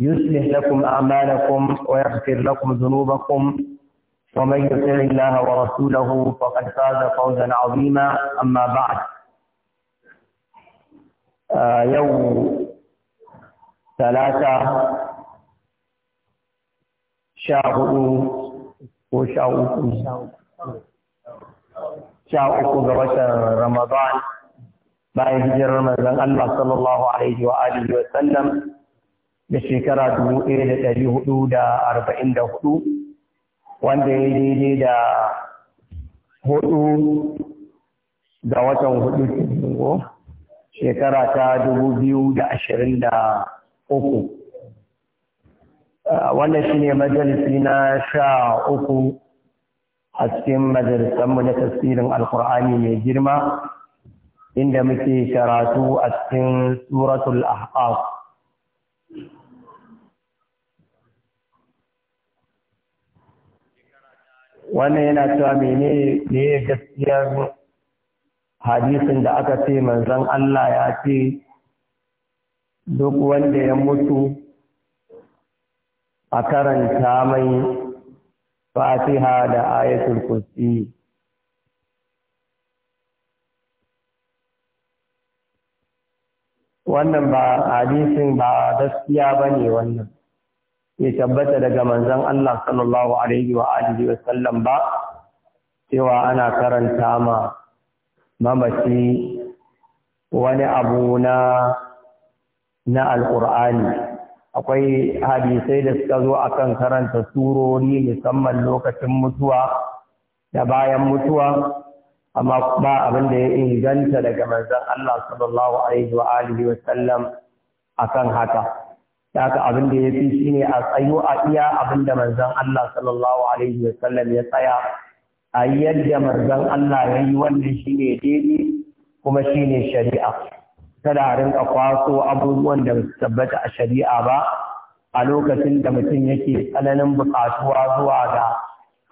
يصلح لكم أعمالكم ويغفر لكم ذنوبكم ومن يطع الله ورسوله فقد فاز فوزا عظيما أما بعد آه، يوم ثلاثة شاهدوا وشاهدوا شاهدوا بوشر رمضان بعد هجر رمضان الله صلى الله عليه وآله وسلم da shekara dubu ɗaya da da arba'in da hudu wanda ya yi daidai da hudu ga watan hudu kingo shekara ta dubu ah, wannan shi ne majalisi na sha uku a cikin majalisanmu na tasirin alkur'ani mai girma inda muke karatu a cikin suratul ahqaf wannan yana cewa mene ne ya gaskiyar hadisin da aka ce manzon Allah ya ce duk wanda ya mutu a karanta mai fatiha da ayatul kursi wannan ba hadisin ba gaskiya bane wannan ya tabbata daga manzan Allah sallallahu alaihi wa alihi wa sallam ba cewa ana karanta ma mamaci wani abu na na alƙur'ani akwai hadisai da suka zo akan karanta surori musamman lokacin mutuwa da bayan mutuwa amma ba abin da ya inganta daga manzan Allah sallallahu alaihi wa alihi wa sallam akan haka da aka abin da ya fi shi ne a tsayo a iya abin da manzon Allah sallallahu alaihi wasallam ya tsaya a yadda manzon Allah ya yi wannan shi ne daidai kuma shi ne shari'a kada a rinka kwaso abubuwan da su tabbata a shari'a ba a lokacin da mutum yake tsananin bukatuwa zuwa ga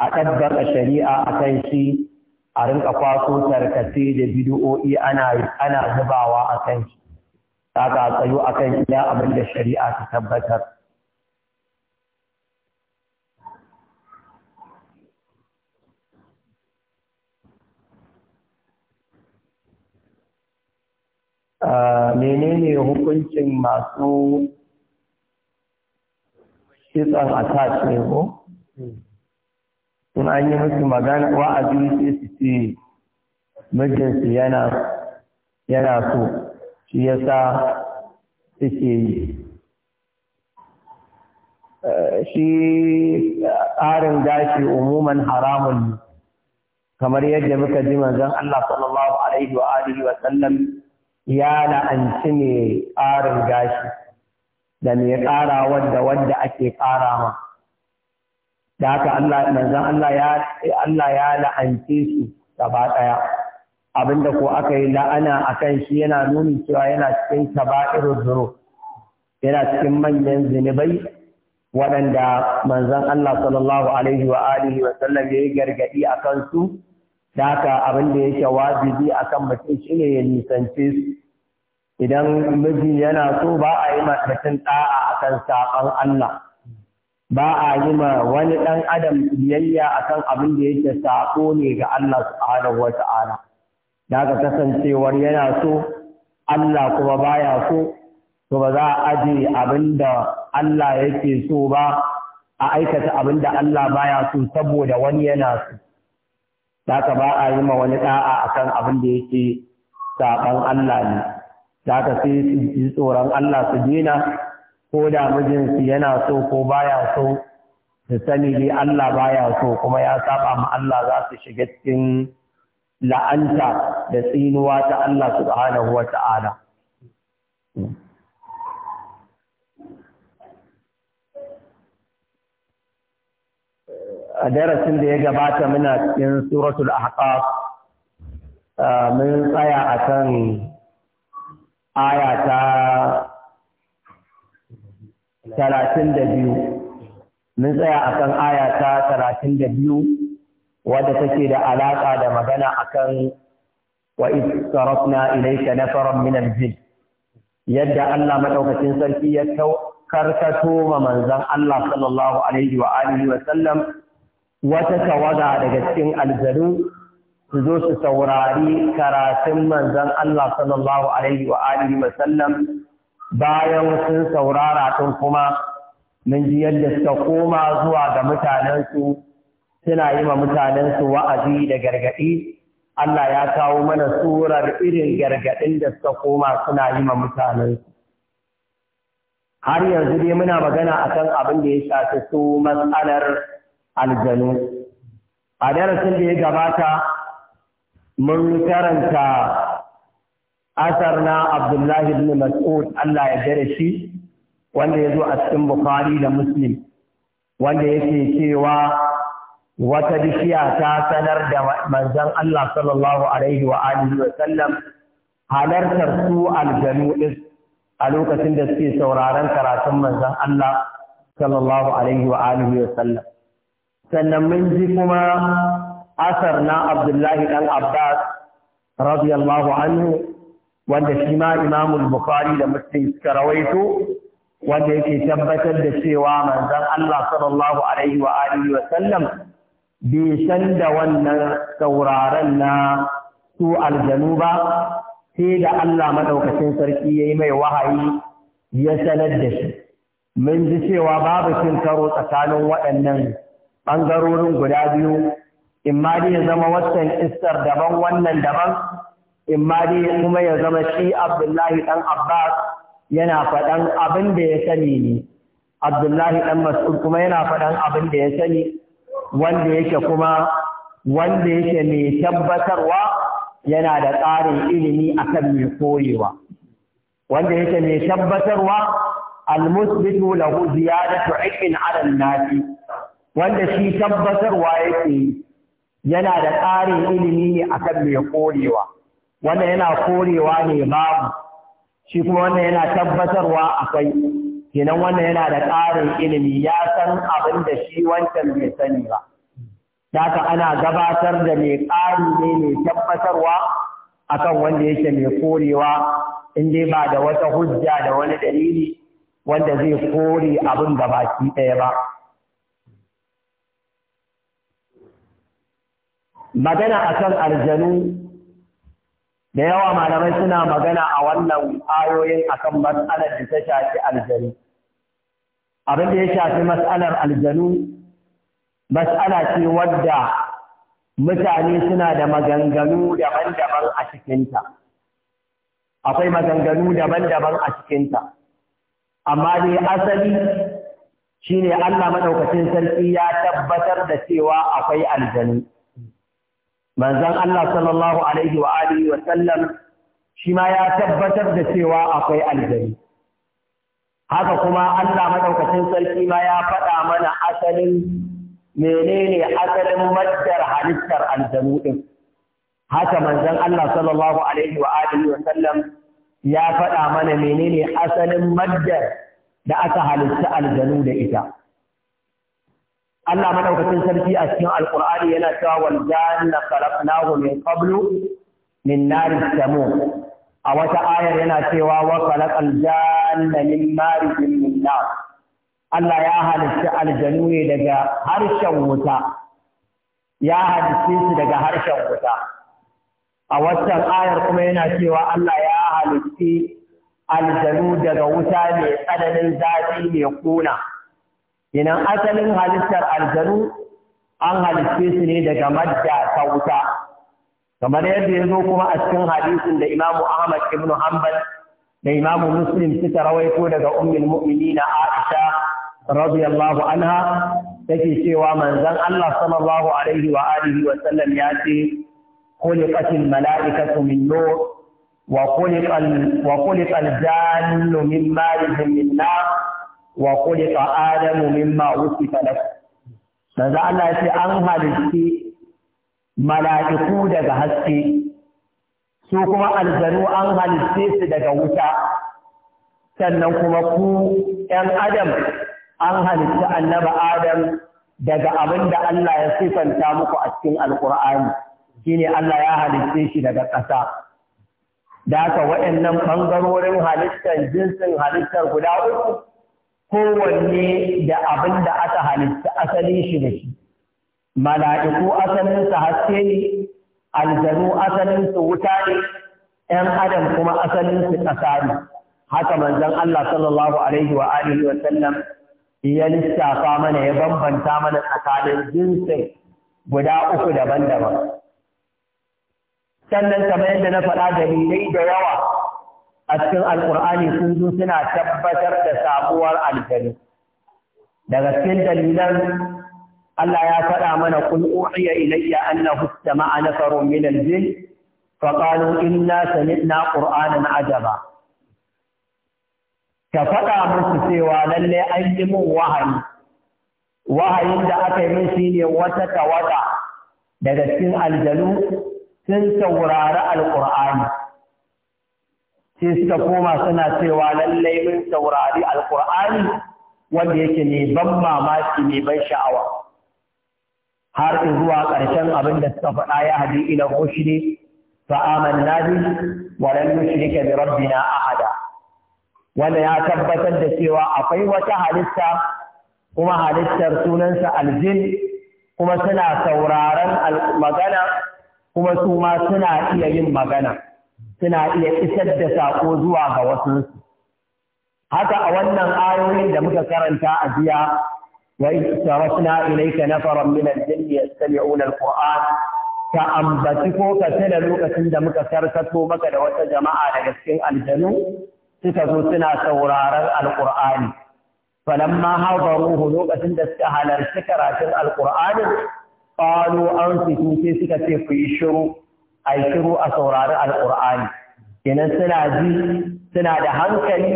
a ɗabbaka shari'a a kan shi a rinka kwaso tarkace da bidiyo'i ana zubawa a kan shi ta tsayu tsayo akan iya abin da shari'a ta tabbatar menene hukuncin masu kitson attach ne ko Suna yi musu magana wa'azi sai su ce mijinsu yana so shi yasa suke yi eh, shi ƙarin gashi umuman haramun kamar yadda muka ji manzon Allah sallallahu alaihi wa alihi wa sallam ya la'anci ne ƙarin gashi da mai ƙara wadda wadda ake ƙara ma da haka Allah manzon Allah ya Allah ya la'anci su gaba ɗaya abinda ko aka yi la'ana a kan shi yana nuni cewa yana cikin kaba'irul zuru yana cikin manyan zunubai waɗanda manzon Allah sallallahu alaihi wa alihi wa sallam yayi gargadi a kansu da haka abin da yake wajibi akan mutum shine ya nisance su idan miji yana so ba a yi mutum da'a akan saƙon Allah ba a yi ma wani ɗan adam biyayya akan abin da yake saƙo ne ga Allah subhanahu wa ta'ala da ka kasancewar yana so Allah kuma baya so to ba za a aje abinda Allah yake so ba a aikata abinda Allah baya so saboda wani yana so da aka ba a yi ma wani da'a akan abin da yake saban Allah ne da ka sai su ji tsoron Allah su dena ko da mijinsu yana so ko baya so su sani dai Allah baya so kuma ya saba ma Allah za su shiga cikin la'anta da tsinuwa ta Allah subhanahu wa ta'ala. A darasin da ya gabata muna cikin suratul ahqaf mun tsaya a kan aya talatin mun tsaya a kan aya talatin da biyu wadda take da alaƙa da magana akan wa isarafna ilayka nafaran min al-jin yadda Allah madaukakin sarki ya karkato ma manzon Allah sallallahu alaihi wa alihi wa sallam wata tawaga daga cikin aljanu su zo su saurari karatun manzon Allah sallallahu alaihi wa alihi wa sallam bayan sun saurara tun kuma mun ji yadda suka koma zuwa ga mutanensu suna yi ma mutanensu wa'azi da gargaɗi, Allah ya kawo mana surar irin gargaɗin da suka koma suna yi ma mutanensu. Har yanzu dai muna magana a kan abin da ya shafi su matsalar aljanu. A darasin da ya gabata, mun karanta asar na Abdullahi ibn Mas'ud Allah ya gare shi, wanda ya zo a cikin Bukhari da Muslim, wanda yake cewa wata bishiya ta sanar da manzon Allah sallallahu alaihi wa alihi halartar su aljanu a lokacin da suke sauraron karatun manzon Allah sallallahu alaihi wa alihi sannan mun ji kuma asar na Abdullahi dan Abbas radiyallahu anhu wanda shi ma Imamul Bukhari da Muslim suka rawaito wanda yake tabbatar da cewa manzan Allah sallallahu alaihi wa alihi bai san da wannan sauraron na su aljanu ba sai da Allah maɗaukacin sarki ya yi mai wahayi ya sanar da shi. Mun ji cewa babu cin karo tsakanin waɗannan ɓangarorin guda biyu, in dai ya zama wasan istar daban wannan daban, in ma dai kuma ya zama shi Abdullahi ɗan Abbas yana faɗan abin da ya sani ne. Abdullahi ɗan Mas'ud kuma yana faɗan abin da ya sani. wanda yake kuma wanda yake mai tabbatarwa yana da tsarin ilimi akan mai koyewa wanda yake mai tabbatarwa almusbitu lahu ziyadatu ilmin ala nasi wanda shi tabbatarwa yake yana da tsarin ilimi ne akan mai korewa wanda yana korewa ne babu shi kuma wanda yana tabbatarwa akwai kenan wannan yana da ƙarin ilimi ya san abin da shi wancan bai sani ba Daka ana gabatar da mai ƙari ne mai tabbatarwa akan wanda yake mai korewa in dai ba da wata hujja da wani dalili wanda zai kore abin da baki ɗaya ba magana akan aljanu da yawa malamai suna magana a wannan ayoyin akan matsalar da ta shafi aljanu abin da ya shafi mas'alar aljanu mas'ala ce wadda mutane suna da maganganu daban-daban a cikinta akwai maganganu daban-daban a cikinta amma dai asali shine Allah maɗaukacin sarki ya tabbatar da cewa akwai aljanu manzon Allah sallallahu alaihi wa wa sallam shi ma ya tabbatar da cewa akwai aljanu haka kuma Allah madaukakin sarki ma ya faɗa mana asalin menene asalin maddar halittar aljanu din haka manzon Allah sallallahu alaihi wa alihi wa sallam ya faɗa mana menene asalin maddar da aka halitta aljanu da ita Allah madaukakin sarki a cikin alqur'ani yana cewa wal janna khalaqnahu min qablu min nari samum a wata ayar yana cewa wa khalaqal janna anna min marijin min Allah ya halitta aljanu ne daga harshen wuta ya halitta su daga harshen wuta a wannan ayar kuma yana cewa Allah ya halitta aljanu daga wuta mai tsananin zafi mai kuna ina asalin halittar aljanu an halitta su ne daga madda ta wuta kamar yadda ya zo kuma a cikin hadisin da Imam ahmad ibn hanbal da imamu muslim suka rawaito daga ummul mu'minina aisha radiyallahu anha take cewa manzon Allah sallallahu alaihi wa alihi wa sallam ya ce khuliqatil mala'ikatu min nur wa khuliqal wa khuliqal jannu min ma'in min nar wa khuliqa adamu mimma usifa lahu manzon Allah ya ce an halitti mala'iku daga haske su kuma aljanu an halitte su daga wuta sannan kuma ku ‘yan adam an halitta annaba adam daga abin da Allah ya sifanta muku a cikin alkur'ani shine Allah ya halitte shi daga ƙasa da aka waɗannan ɓangarorin halittar jinsin halittar guda uku kowanne da abin da aka halitta asalin shi da shi mala'iku asalinsa haske ne aljanu asalinsu wuta ne ‘yan adam kuma asalinsu su ƙasa ne haka manzon Allah sallallahu alaihi wa alihi wa sallam ya lissafa mana ya bambanta mana tsakanin jinsin guda uku daban-daban sannan kamar yadda na faɗa dalilai da yawa a cikin alƙur'ani sun zo suna tabbatar da sabuwar aljanu daga cikin dalilan Allah ya faɗa mana kun uhiya ilayya annahu istama'a nafarun min al-jinn faɗa musu سمعنا قرآنا an yi min wahayi. Wahayin da aka yi أكي من wata وتتوتا daga cikin aljanu sun saurari alƙur'ani sai suka koma suna cewa lallai mun saurari alƙur'ani wanda yake ne ban mamaki ne ban sha'awa har in zuwa ƙarshen abin da suka faɗa ya hadi ila ushri fa amanna bi wa lam nushrika bi rabbina ahada wanda ya tabbatar da cewa akwai wata halitta kuma halittar sunansa aljin kuma suna sauraron magana kuma su ma suna iya yin magana suna iya isar da sako zuwa ga wasu haka a wannan ayoyin da muka karanta a jiya وإذ صرفنا إليك نفرا من الجن يستمعون القرآن كأنبتكو كسنة لوكا سند مكد مكدا على لكسكين الجنو سكسو سنة سورارا القرآن فلما هضروه لوكا سند سكهل السكرة القرآن قالوا أنصتوا سكة في شروع أي شروع سورارا القرآن kenan suna ji suna da hankali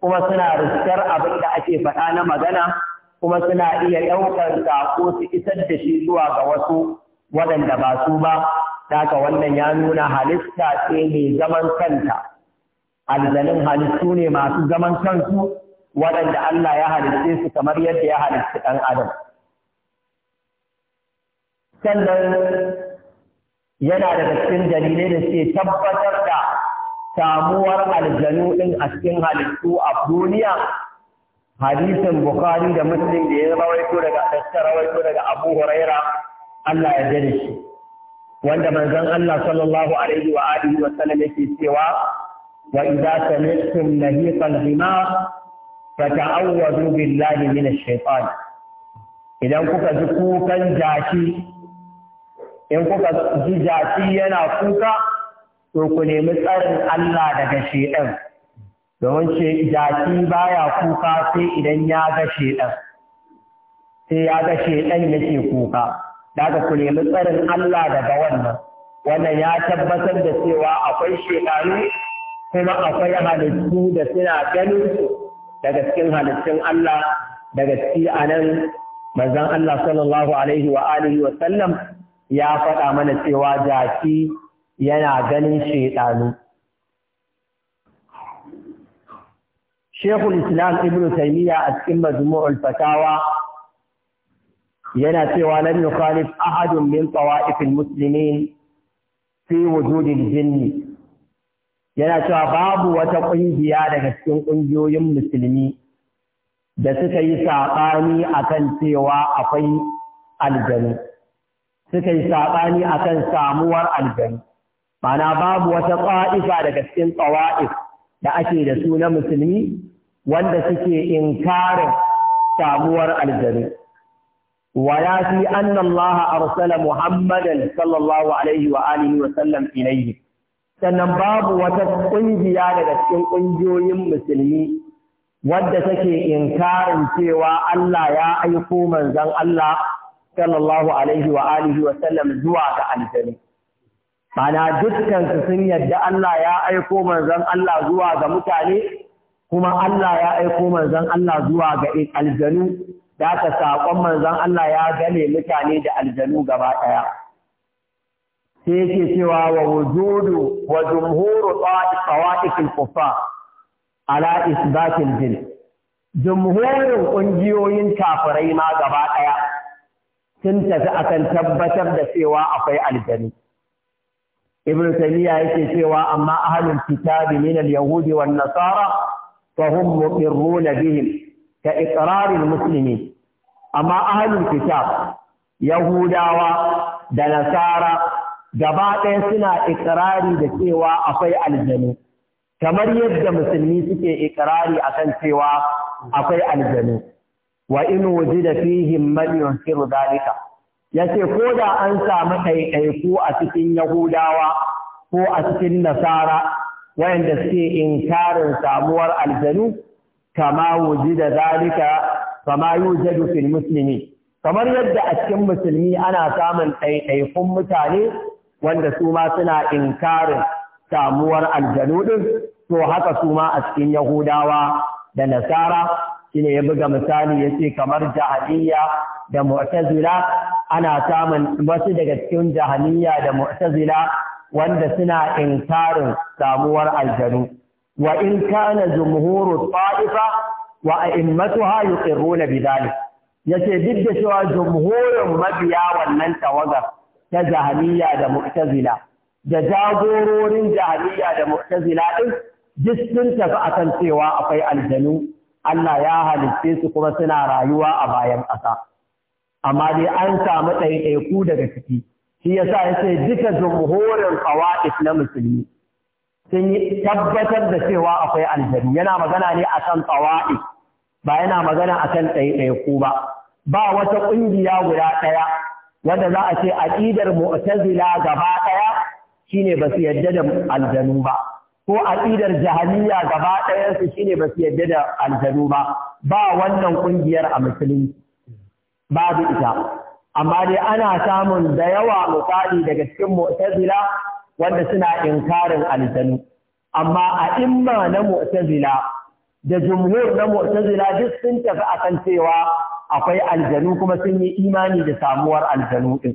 kuma suna riskar abin da ake faɗa kuma suna iya ɗaukar saƙo su isar da shi zuwa ga wasu waɗanda ba su ba haka wannan ya nuna halitta ce mai zaman kanta alzanin halittu ne masu zaman kansu waɗanda Allah ya halitte su kamar yadda ya halitta ɗan adam sannan yana da cikin dalilai da suke tabbatar da samuwar aljanu ɗin a cikin halittu a duniya hadisin bukhari da muslim da ya rawaito daga ta rawaito daga abu huraira Allah ya jere shi wanda manzon Allah sallallahu alaihi wa alihi wa sallam yake cewa wa idza sami'tum nahiqal dimar fata'awwadu billahi minash shaitan idan kuka ji kukan jaki in kuka ji jaki yana kuka to ku nemi tsarin Allah daga shaitan domin ce jaki baya kuka sai idan ya ga shedan sai ya ga shedan yake kuka daga ku nemi tsarin Allah daga wannan wannan ya tabbatar da cewa akwai shedanu kuma akwai halittu da suna ganin su daga cikin halittun Allah daga ciki nan, mazan Allah sallallahu alaihi wa alihi wa sallam ya faɗa mana cewa jaki yana ganin shedanu Shekul Islam Ibn Taymiyyah a cikin Majmu'ul Fatawa yana cewa lam yukhalif ahadun min tawa'ifil muslimin fi wujudil jinni yana cewa babu wata ƙungiya daga cikin ƙungiyoyin musulmi da suka yi saɓani akan cewa akwai aljanu suka yi saɓani a kan samuwar aljanu mana babu wata ƙwa'ifa daga cikin ƙawa'if da ake da su na musulmi wanda suke inkarin samuwar aljanu wa ya fi anna Allah arsala Muhammadan sallallahu alaihi wa alihi wa sallam ilayhi sannan babu wata kungiya daga cikin kungiyoyin musulmi wadda take inkarin cewa Allah ya aiko manzon Allah sallallahu alaihi wa alihi wa sallam zuwa ga aljanu Mana dukkansu sun yadda Allah ya aiko manzon Allah zuwa ga mutane kuma Allah ya aiko manzon Allah zuwa ga aljanu da ta saƙon manzon Allah ya gane mutane da aljanu gaba ɗaya. Sai yake cewa wa wujudu wa jumhuru al kufa ala al jin. Jumhurin ƙungiyoyin kafirai ma gaba ɗaya sun tafi akan tabbatar da cewa akwai aljanu. Ibn Taymiyyah yake cewa amma ahlul kitab min al-yahudi wan nasara فهم مقرون بهم كإقرار المسلمين أما أهل Yahudawa da nasara, gaba ɗaya suna ikirari da cewa akwai aljanu kamar yadda musulmi suke ikirari akan cewa akwai aljanu wa in da fihim man yunkiru dalika yace ko da an samu ɗaiɗaiku a cikin yahudawa ko a cikin nasara Wa'inda suke inkarin samuwar aljanu kama wujida zalika kama yujadu fil muslimi kamar yadda a cikin musulmi ana samun ɗaiɗaikun mutane wanda su ma suna inkarin samuwar aljanu din to haka su ma a cikin yahudawa da nasara shine ya buga misali ya ce kamar jahiliya da mu'tazila ana samun wasu daga cikin jahiliya da mu'tazila wanda suna inkarin samuwar aljanu wa in kana jumhuru ta'ifa wa a'immatuha yuqirruna bidhalik yace duk da cewa jumhurin mabiya wannan tawagar ta jahiliya da mu'tazila da jagororin jahiliya da mu'tazila din duk sun tafi akan cewa akwai aljanu Allah ya halicce su kuma suna rayuwa a bayan ƙasa amma dai an samu ɗaiɗaiku daga ciki shi ya yace duka jumhurin qawaid na musulmi sun yi tabbatar da cewa akwai aljanu yana magana ne akan qawaid ba yana magana akan ɗaiɗaiku ba ba wata ƙungiya guda ɗaya wanda za a ce aƙidar mu'tazila gaba ɗaya shine ba su yadda da aljanu ba ko aƙidar jahiliya gaba ɗaya su shine ba su yadda da aljanu ba ba wannan ƙungiyar a musulmi babu ita amma dai ana samun da yawa misali daga cikin mu'tazila wanda suna inkarin aljanu amma a imma na mu'tazila da jumhur na mu'tazila duk sun tafi akan cewa akwai aljanu kuma sun yi imani da samuwar aljanu din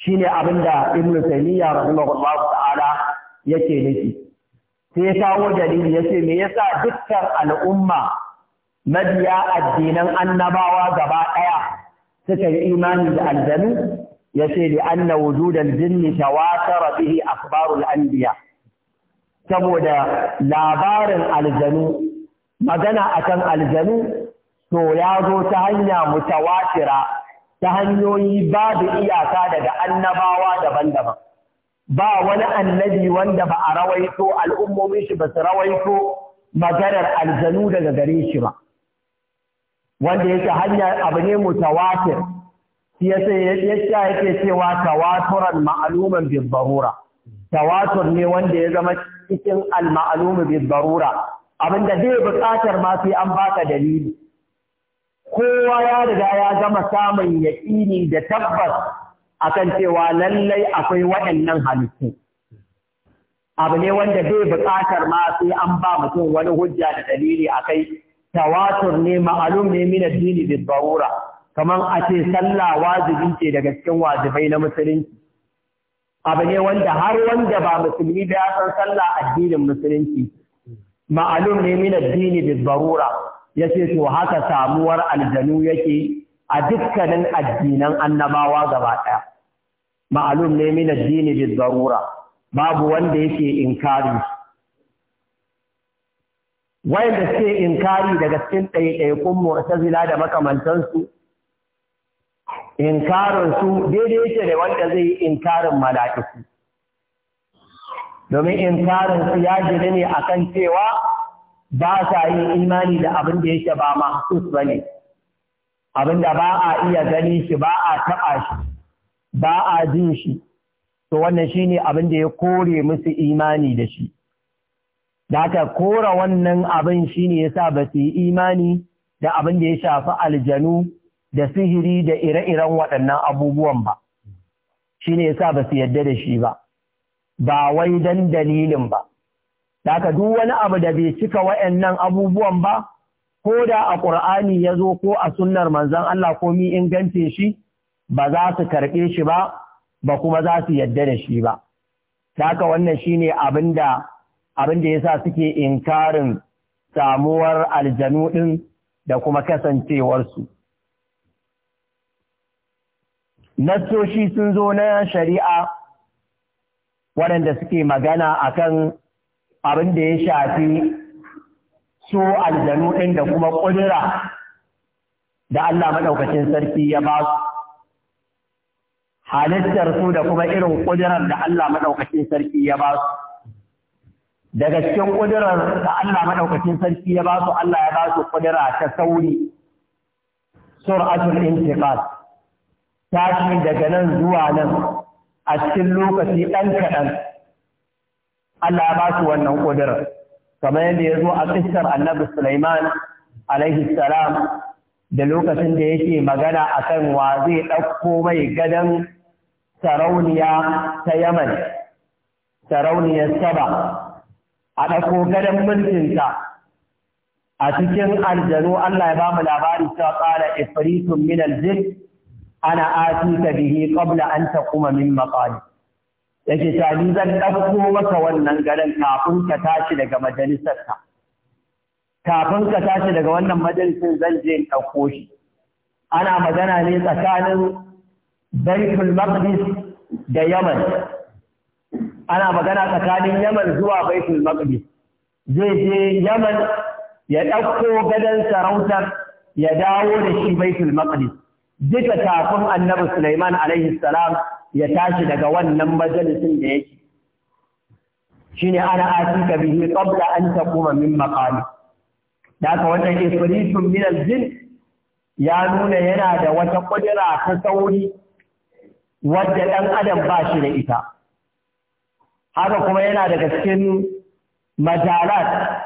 shine da ibn taymiya rahimahullahu ta'ala yake nufi sai ya kawo dalili yace me yasa dukkan al'umma mabiya addinan annabawa gaba daya suka yi imani da aljanu ya ce da anna wujudal jinni tawatara bihi akhbarul anbiya saboda labarin aljanu magana akan aljanu to ya zo ta hanya mutawatira ta hanyoyi babu iyaka daga annabawa daban-daban ba wani annabi wanda ba a rawaito al'ummomin shi ba su rawaito maganar aljanu daga gare shi ba wanda yake hanya abu ne mutawatir shi yasa yasa yake cewa tawaturan ma'aluman bi darura tawatur ne wanda ya zama cikin al-ma'lum bi darura abinda zai buƙatar ma sai an baka dalili kowa ya riga ya gama samun yaƙini da tabbas akan cewa lallai akwai waɗannan halittu abu ne wanda zai buƙatar ma sai an ba mutum wani hujja da dalili akai tawatur ne ma'alum ne min addini bi darura kaman a ce sallah wajibi ce daga cikin wajibai na musulunci abu ne wanda har wanda ba musulmi ba ya san sallah addinin musulunci ma'alum ne min addini bi darura yace to haka samuwar aljanu yake a dukkanin addinan annabawa gaba daya ma'alum ne min addini bi darura babu wanda yake inkari shi wayanda suke inkari daga cikin ɗaiɗaikun mu'tazila da makamantansu inkarin su daidai yake da wanda zai yi inkarin mala'iku domin inkarin su ya jini ne akan cewa ba sa yin imani da abin da yake ba mahsus ne. abin da ba a iya gani shi ba a taɓa shi ba a jin shi to wannan shine abin da ya kore musu imani da shi da aka kora wannan abin shi shine yasa ba su yi imani da abin da ya shafi aljanu da sihiri da ire-iren waɗannan abubuwan ba shi shine sa ba su yadda da shi ba ba wai dan dalilin ba da aka duk wani abu da bai cika waɗannan abubuwan ba ko da a ƙur'ani ya zo ko a sunnar manzon Allah ko mi ingance shi ba za su karɓe shi ba ba kuma za su yadda da shi ba da aka wannan ne abin da abin da yasa suke inkarin samuwar aljanu ɗin da kuma kasancewarsu. Nassoshi sun zo na shari'a waɗanda suke magana akan abin da ya shafi so aljanu ɗin da kuma ƙudura da Allah maɗaukacin sarki ya ba su. Halittar su da kuma irin ƙudurar da Allah maɗaukacin sarki ya ba su. daga cikin ƙudurar da Allah maɗaukacin sarki ya ba su Allah ya ba su ƙudura ta sauri suratul intiqas tashi daga nan zuwa nan a cikin lokaci ɗan kaɗan Allah ya ba su wannan ƙudurar kamar yadda ya zo a kissar annabi Sulaiman alaihi salam da lokacin da yake magana akan wa zai ɗauko mai gadon sarauniya ta Yaman sarauniyar Saba a ɗauko gadon mulkinsa a cikin aljanu Allah ya ba mu labari cewa ƙara ifritun min aljin ana atika bihi qabla an taquma min maqali yake ta ni zan ɗauko maka wannan garin kafin ka tashi daga majalisarka kafin ka tashi daga wannan majalisin zan je in ɗauko shi ana magana ne tsakanin Baitul Maqdis da Yaman ana magana tsakanin Yaman zuwa Baitul Maqdis zai je Yaman ya ɗauko gadon sarautar ya dawo da shi Baitul Maqdis duka kafin Annabi Sulaiman alaihi salam ya tashi daga wannan majalisin da yake shine ana ka bihi qabla an taquma min maqami da ka wannan ifritun min aljin ya nuna yana da wata kudura ta sauri wadda dan adam ba shi da ita haka kuma yana daga cikin majalat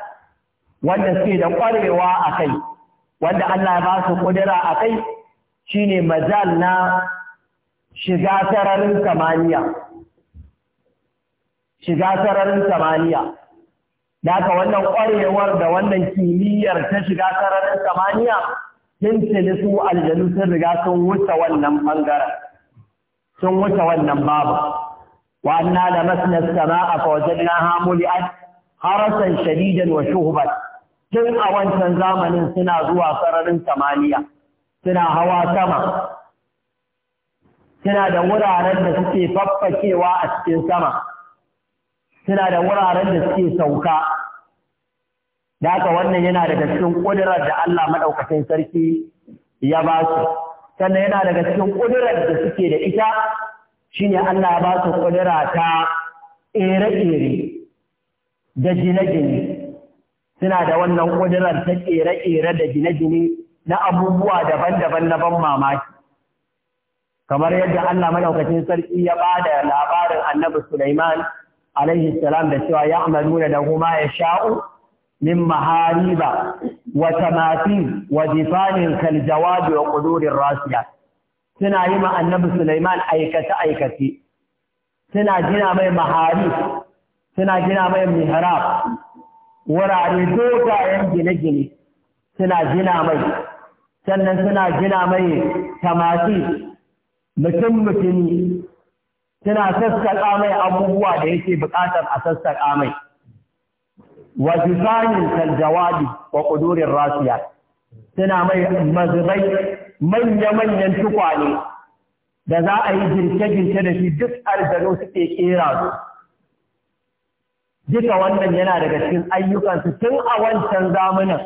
wanda suke da ƙwarewa a kai wanda Allah ba su ƙudura a kai shine majal na shiga sararin samaniya shiga sararin samaniya da aka wannan ƙwarewar da wannan kimiyyar ta shiga sararin samaniya tuntuni su aljanu sun riga sun wuce wannan ɓangaren sun wuce wannan babu وأنا لمسنا السماء فوجدناها ملئت حرسا wa وشهبا tun a wancan zamanin suna zuwa sararin samaniya suna hawa sama suna da wuraren da suke faffakewa a cikin sama suna da wuraren da suke sauka da wannan yana daga cikin ƙudurar da Allah maɗaukacin sarki ya ba su sannan yana daga cikin ƙudurar da suke da ita shine Allah ba su kudura ta ere ƙere da gine-gine suna da wannan kudurar ta ere-ere da gine-gine na abubuwa daban-daban na ban mamaki kamar yadda Allah maɗaukacin sarki ya ba da labarin Annabi Sulaiman alaihi salam da cewa ya amaluna da kuma ya sha'u min mahariba wa tamathil wa difanin kal wa qudurir Rasiya. suna yi ma annabi Sulaiman aikace aikace suna gina mai mahari suna gina mai mihrab wurare dogayen gine-gine suna gina mai sannan suna gina mai tamati mutum mutumi suna sassaƙa mai abubuwa da yake buƙatar a sassaƙa mai wa kan jawabi wa ƙudurin rasiya suna mai mazubai manya-manyan tukwane da za a yi girke-girke da shi duk aljanu suke kera su duka wannan yana daga cikin ayyukansu tun a wancan zamanin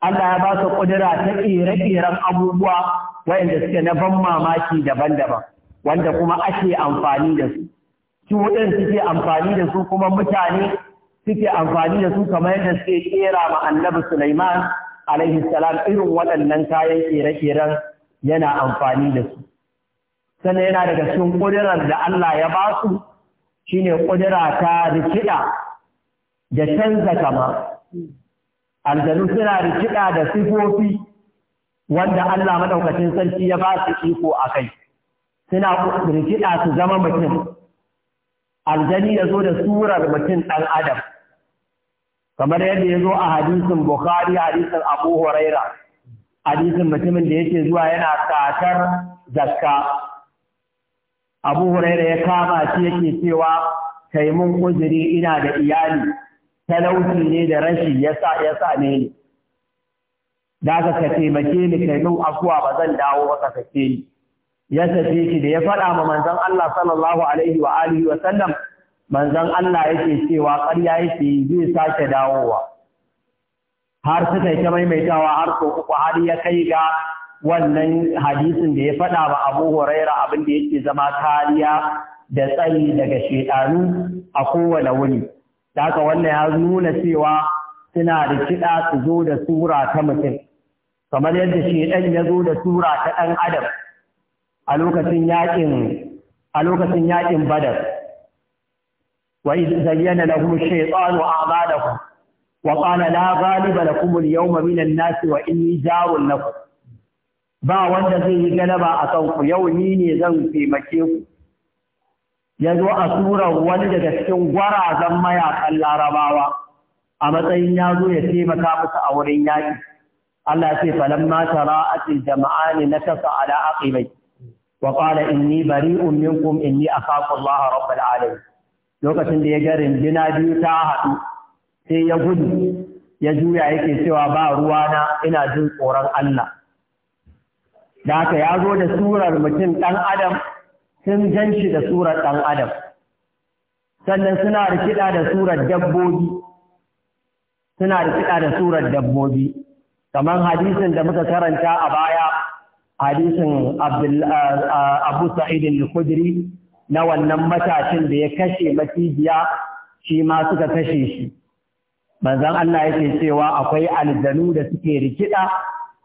Allah ya ba su ƙudura ta ƙere-ƙeren abubuwa waɗanda suke na ban mamaki daban-daban wanda kuma ake amfani da su. Su suke amfani da su kuma mutane suke amfani da su kamar yadda suke ƙera ma annabi Sulaiman alaihi irin waɗannan kayan ƙere-ƙeren yana amfani da su sannan yana daga cikin ƙudurar da Allah ya ba su shine ƙudura ta rikida da canza kama aljanu suna rikida da sifofi wanda Allah maɗaukacin sarki ya ba su iko a kai suna rikida su zama mutum aljani ya zo da surar mutum ɗan adam kamar yadda ya zo a hadisin bukhari hadisin abu huraira hadisin mutumin da yake zuwa yana katar zakka abu huraira ya kama shi yake cewa kai mun uzuri ina da iyali talauci ne da rashi yasa yasa ne da ka ka taimake ni kai mun afuwa ba zan dawo ba ka kace ni ya sace shi da ya faɗa ma manzon Allah sallallahu alaihi wa alihi wa sallam manzon Allah yake cewa ƙarya yake zai sake dawowa har suka yi ta maimaitawa har ko uku har ya kai ga wannan hadisin da ya faɗa ba Abu Huraira abin da yake zama kariya da tsayi daga shedanu a kowane wuri haka wannan ya nuna cewa suna da kiɗa su zo da sura ta mutum kamar yadda shedan ya zo da sura ta ɗan adam a lokacin yakin a lokacin yaƙin Badar وإذ زين لهم الشيطان أعمالهم وقال لا غالب لكم اليوم من الناس وإني جار لكم با وند زي غلبا اتوكو يومي ني في مكيو يزو اسورا وند دا سكين غرا زان مايا قال رباوا اما تين يازو يتي مكا بس اورين ياي الله سي فلما ترى ات الجمعان نكص على عقبي وقال اني بريء منكم اني اخاف الله رب العالمين lokacin da ya ga rindina biyu ta haɗu sai ya gudu ya juya yake cewa ba ruwa na, ina jin tsoron Allah da haka ya zo da surar mutum ɗan adam sun gan shi da surar ɗan adam sannan suna rikida da surar dabbobi suna rikida da surar dabbobi kamar hadisin da muka karanta a baya hadisin uh, uh, Abu Sa'id al-Khudri na wannan matashin da ya kashe macijiya shi ma suka kashe shi manzon Allah yake cewa akwai aljanu da suke rikida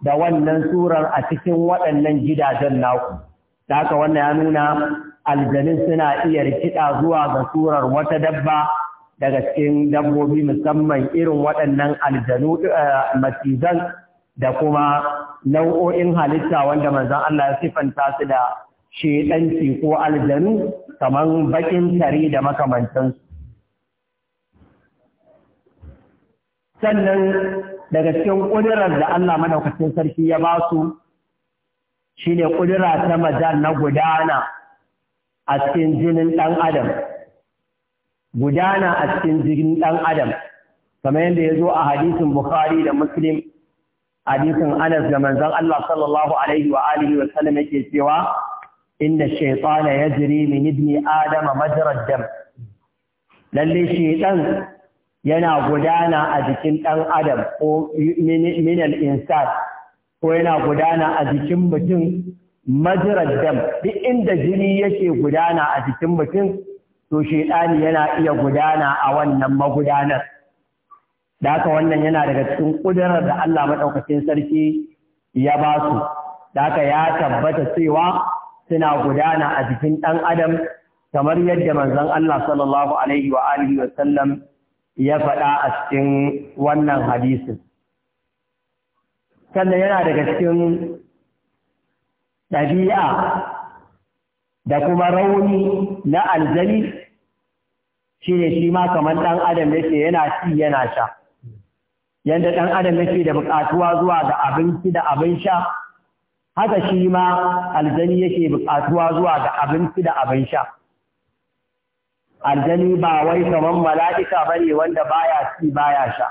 da wannan surar a cikin waɗannan gidajen naku da haka wannan ya nuna aljanin suna iya rikida zuwa ga surar wata dabba daga cikin dabbobi musamman irin waɗannan aljanu eh, macizan da kuma nau'o'in halitta wanda manzon Allah ya sifanta su da shedanci ko aljanu kamar bakin tare da makamantansu sannan daga cikin ƙudurar da Allah madaukakin sarki ya ba su shi ne ƙudura ta majal na gudana a cikin jinin ɗan adam gudana a cikin jinin ɗan adam kamar yadda ya zo a hadisin bukhari da muslim hadisin anas da manzon Allah sallallahu alaihi wa alihi wa sallam yake cewa inna shaytana yajri min ibni adama majra dam lalle shaytan yana gudana a jikin dan adam ko min al insan ko yana gudana a jikin mutum majra dam duk inda jini yake gudana a jikin mutum to shaytani yana iya gudana a wannan magudanar da haka wannan yana daga cikin ƙudurar da Allah maɗaukacin sarki ya ba su da haka ya tabbata cewa suna gudana a jikin ɗan adam kamar yadda manzon Allah sallallahu alaihi wa alihi wa sallam ya faɗa a cikin wannan hadisin sannan yana daga cikin ɗabi'a da kuma rauni na aljani shi ne shi ma kamar ɗan adam yake yana ci yana sha yadda ɗan adam yake da buƙatuwa zuwa ga abinci da abin sha haka shi ma aljani yake buƙatuwa zuwa ga abinci da abin sha aljani ba wai kamar mala'ika ne wanda baya ci baya sha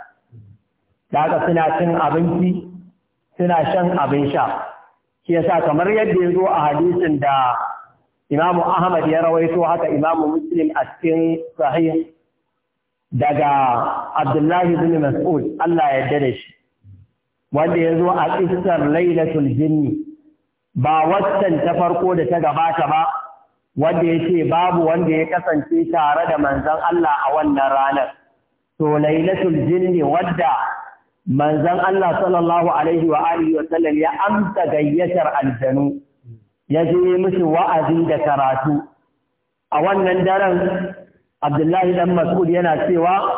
da haka suna cin abinci suna shan abin sha shi yasa kamar yadda ya zo a hadisin da Imam Ahmad ya rawaito haka Imam Muslim a cikin sahih daga Abdullahi bin Mas'ud Allah ya yarda da shi wanda ya zo a kissar Lailatul Jinni ba waccan ta farko da ta gabata ba wanda ya ce babu wanda ya kasance tare da manzon Allah a wannan ranar to lailatul jinni wadda manzon Allah sallallahu alaihi wa alihi ya amsa gayyatar aljanu ya je musu wa'azi da karatu a wannan daren Abdullahi dan Mas'ud yana cewa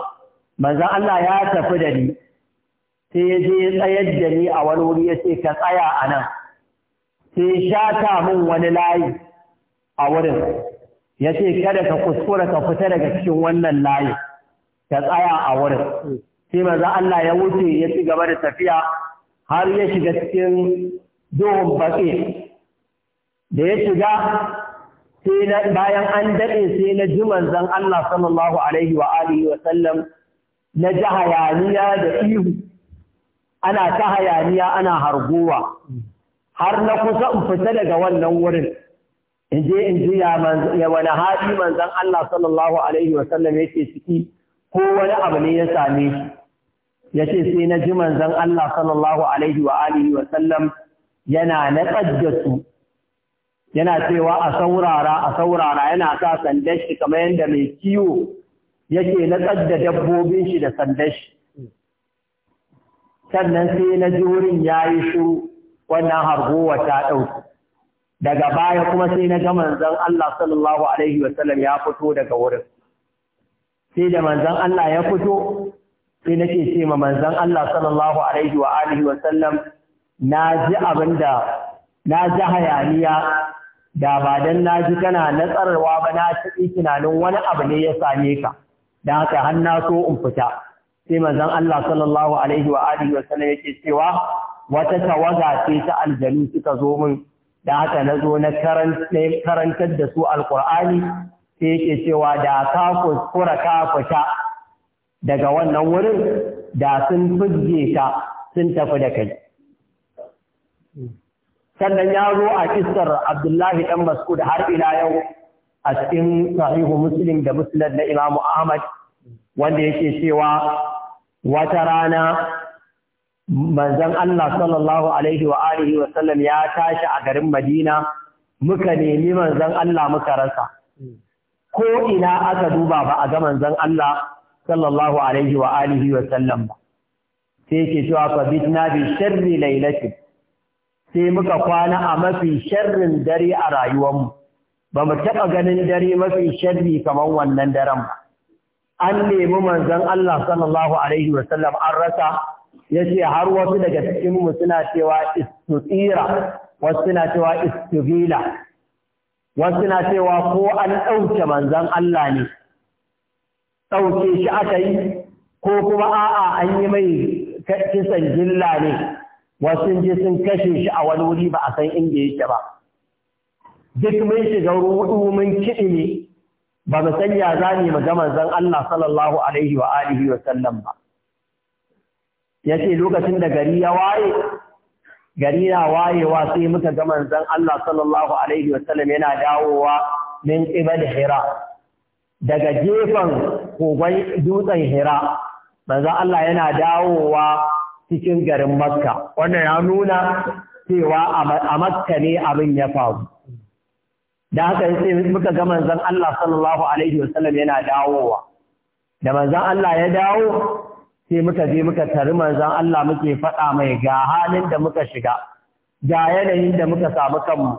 manzon Allah ya tafi da ni sai ya je tsayar da ni a wani wuri ya ce ka tsaya a nan sai shata min wani layi a wurin ya ce kada ka kuskura ka fita daga cikin wannan layi ka tsaya a wurin sai maza Allah ya wuce ya ci gaba da tafiya har ya shiga cikin duhun baƙi da ya shiga sai bayan an daɗe sai na ji manzon Allah sallallahu alaihi wa alihi wa sallam na ji hayaniya da ihu ana ta hayaniya ana harguwa har na kusa in fita daga wannan wurin in je in ji ya wani haɗi manzan Allah sallallahu alaihi wa sallam yake ciki ko wani abu ne ya same shi Ya ce sai na ji manzan Allah sallallahu alaihi wa alihi wa sallam yana na su yana cewa a saurara a saurara yana sa sandan shi kamar yadda mai kiwo yake na tsadda dabbobin shi da sandan shi sannan sai na ji wurin yayi shiru wannan harguwa ta ɗauki daga baya kuma sai na ga manzon Allah sallallahu alaihi wasallam ya fito daga wurin sai da manzon Allah ya fito sai nake ce ma manzon Allah sallallahu alaihi wa alihi wasallam na ji abinda na ji hayaniya da ba dan na ji kana tsararwa ba na ci tunanin wani abu ne ya same ka dan haka har na so in fita sai manzon Allah sallallahu alaihi wa alihi wasallam yake cewa wata tawaga ce ta aljanu suka zo min da haka na zo na karantar da su alkur'ani sai yake cewa da ka kuskura ka fita daga wannan wurin da sun fidge ka sun tafi da kai sannan ya zo a kistar abdullahi dan mas'ud har ila yau a cikin sahihu muslim da musnad na imamu ahmad wanda yake cewa wata rana Manzan Allah sallallahu alaihi wa alihi wa ya tashi a garin Madina muka nemi manzan Allah muka rasa ko ina aka duba ba a ga manzan Allah sallallahu alaihi wa alihi wa ba sai yake cewa fa bitna bi sharri lailati sai muka kwana a mafi sharrin dare a rayuwarmu ba mu taɓa ganin dare mafi sharri kamar wannan daren ba an nemi manzan Allah sallallahu alaihi wa an rasa ya ce har wasu daga cikinmu suna cewa istutira wasu suna cewa istugila wasu suna cewa ko an ɗauke manzan Allah ne ɗauke shi aka yi ko kuma a'a an yi mai kisan gilla ne wasu ji sun kashe shi a wani wuri ba a san inda yake ba duk mun shiga ruɗu mun kiɗi ne ba mu san ya za mu ga manzan Allah sallallahu alaihi wa alihi wa sallam ba ya ce lokacin da gari ya waye gari na wayewa sai muka ga manzon Allah sallallahu alaihi wasallam yana dawowa min ibad hira daga jefan kogon dutsen hira manzon Allah yana dawowa cikin garin makka wannan ya nuna cewa a makka ne abin ya faru da haka sai muka ga manzon Allah sallallahu alaihi wasallam yana dawowa da manzon Allah ya dawo sai muka je muka tari manzon Allah muke faɗa mai ga halin da muka shiga ga yanayin da muka samu kanmu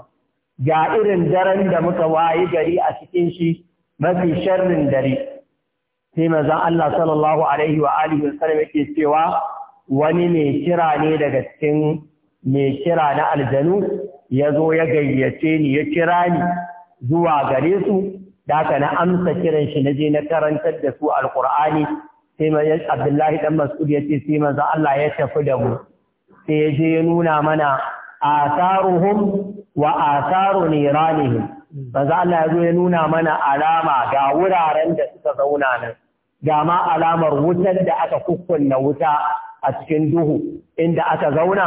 ga irin daren da muka wayi gari a cikin shi mafi sharrin dare sai manzon Allah sallallahu alaihi wa alihi wasallam yake cewa wani mai kira ne daga cikin mai kira na aljanu ya zo ya gayyace ni ya kira ni zuwa gare su da na amsa kiran shi na je na karantar da su alkur'ani sai abdullahi ɗan mas'ud ya ce sai manzo Allah ya tafi da mu sai ya je ya nuna mana asaruhum wa asaru niranihim manzo Allah ya zo ya nuna mana alama ga wuraren da suka zauna nan ga ma alamar wutar da aka kukkunna wuta a cikin duhu inda aka zauna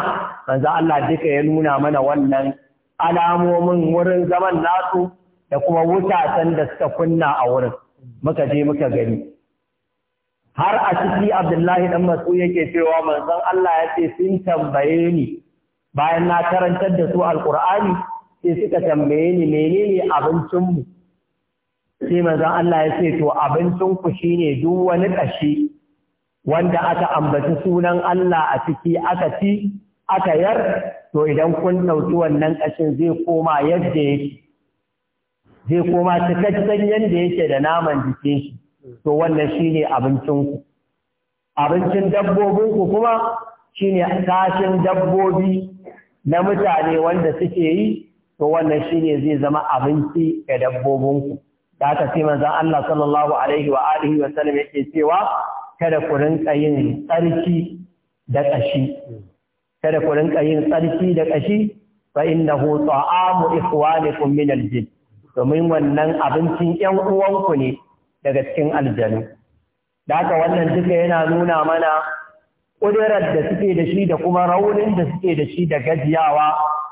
manzo Allah duka ya nuna mana wannan alamomin wurin zaman nasu da kuma wutatan da suka kunna a wurin muka je muka gani har a ciki Abdullahi dan masu yake cewa manzon Allah ya ce sun tambaye ni bayan na karantar da su alqur'ani sai suka tambaye ni menene abincin mu sai manzon Allah ya ce to abincin ku shine duk wani kashi wanda aka ambaci sunan Allah a ciki aka ci aka yar to idan kun dauki wannan kashin zai koma yadda yake zai koma cikakken yadda yake da naman jikin shi to wannan shine abincinku abincin dabbobinku kuma shine kashin dabbobi na mutane wanda suke yi to wannan shine zai zama abinci ga dabbobinku da aka ce manzon Allah sallallahu alaihi wa alihi wa sallam yake cewa kada ku rinka yin tsarki da ƙashi. kada ku rinka yin tsarki da kashi fa innahu ta'amu ikhwanikum min al-jinn domin wannan abincin ƴan uwanku ne daga cikin aljanu da haka wannan duka yana nuna mana ƙudurar da suke da shi da kuma raunin da suke da shi da gajiyawa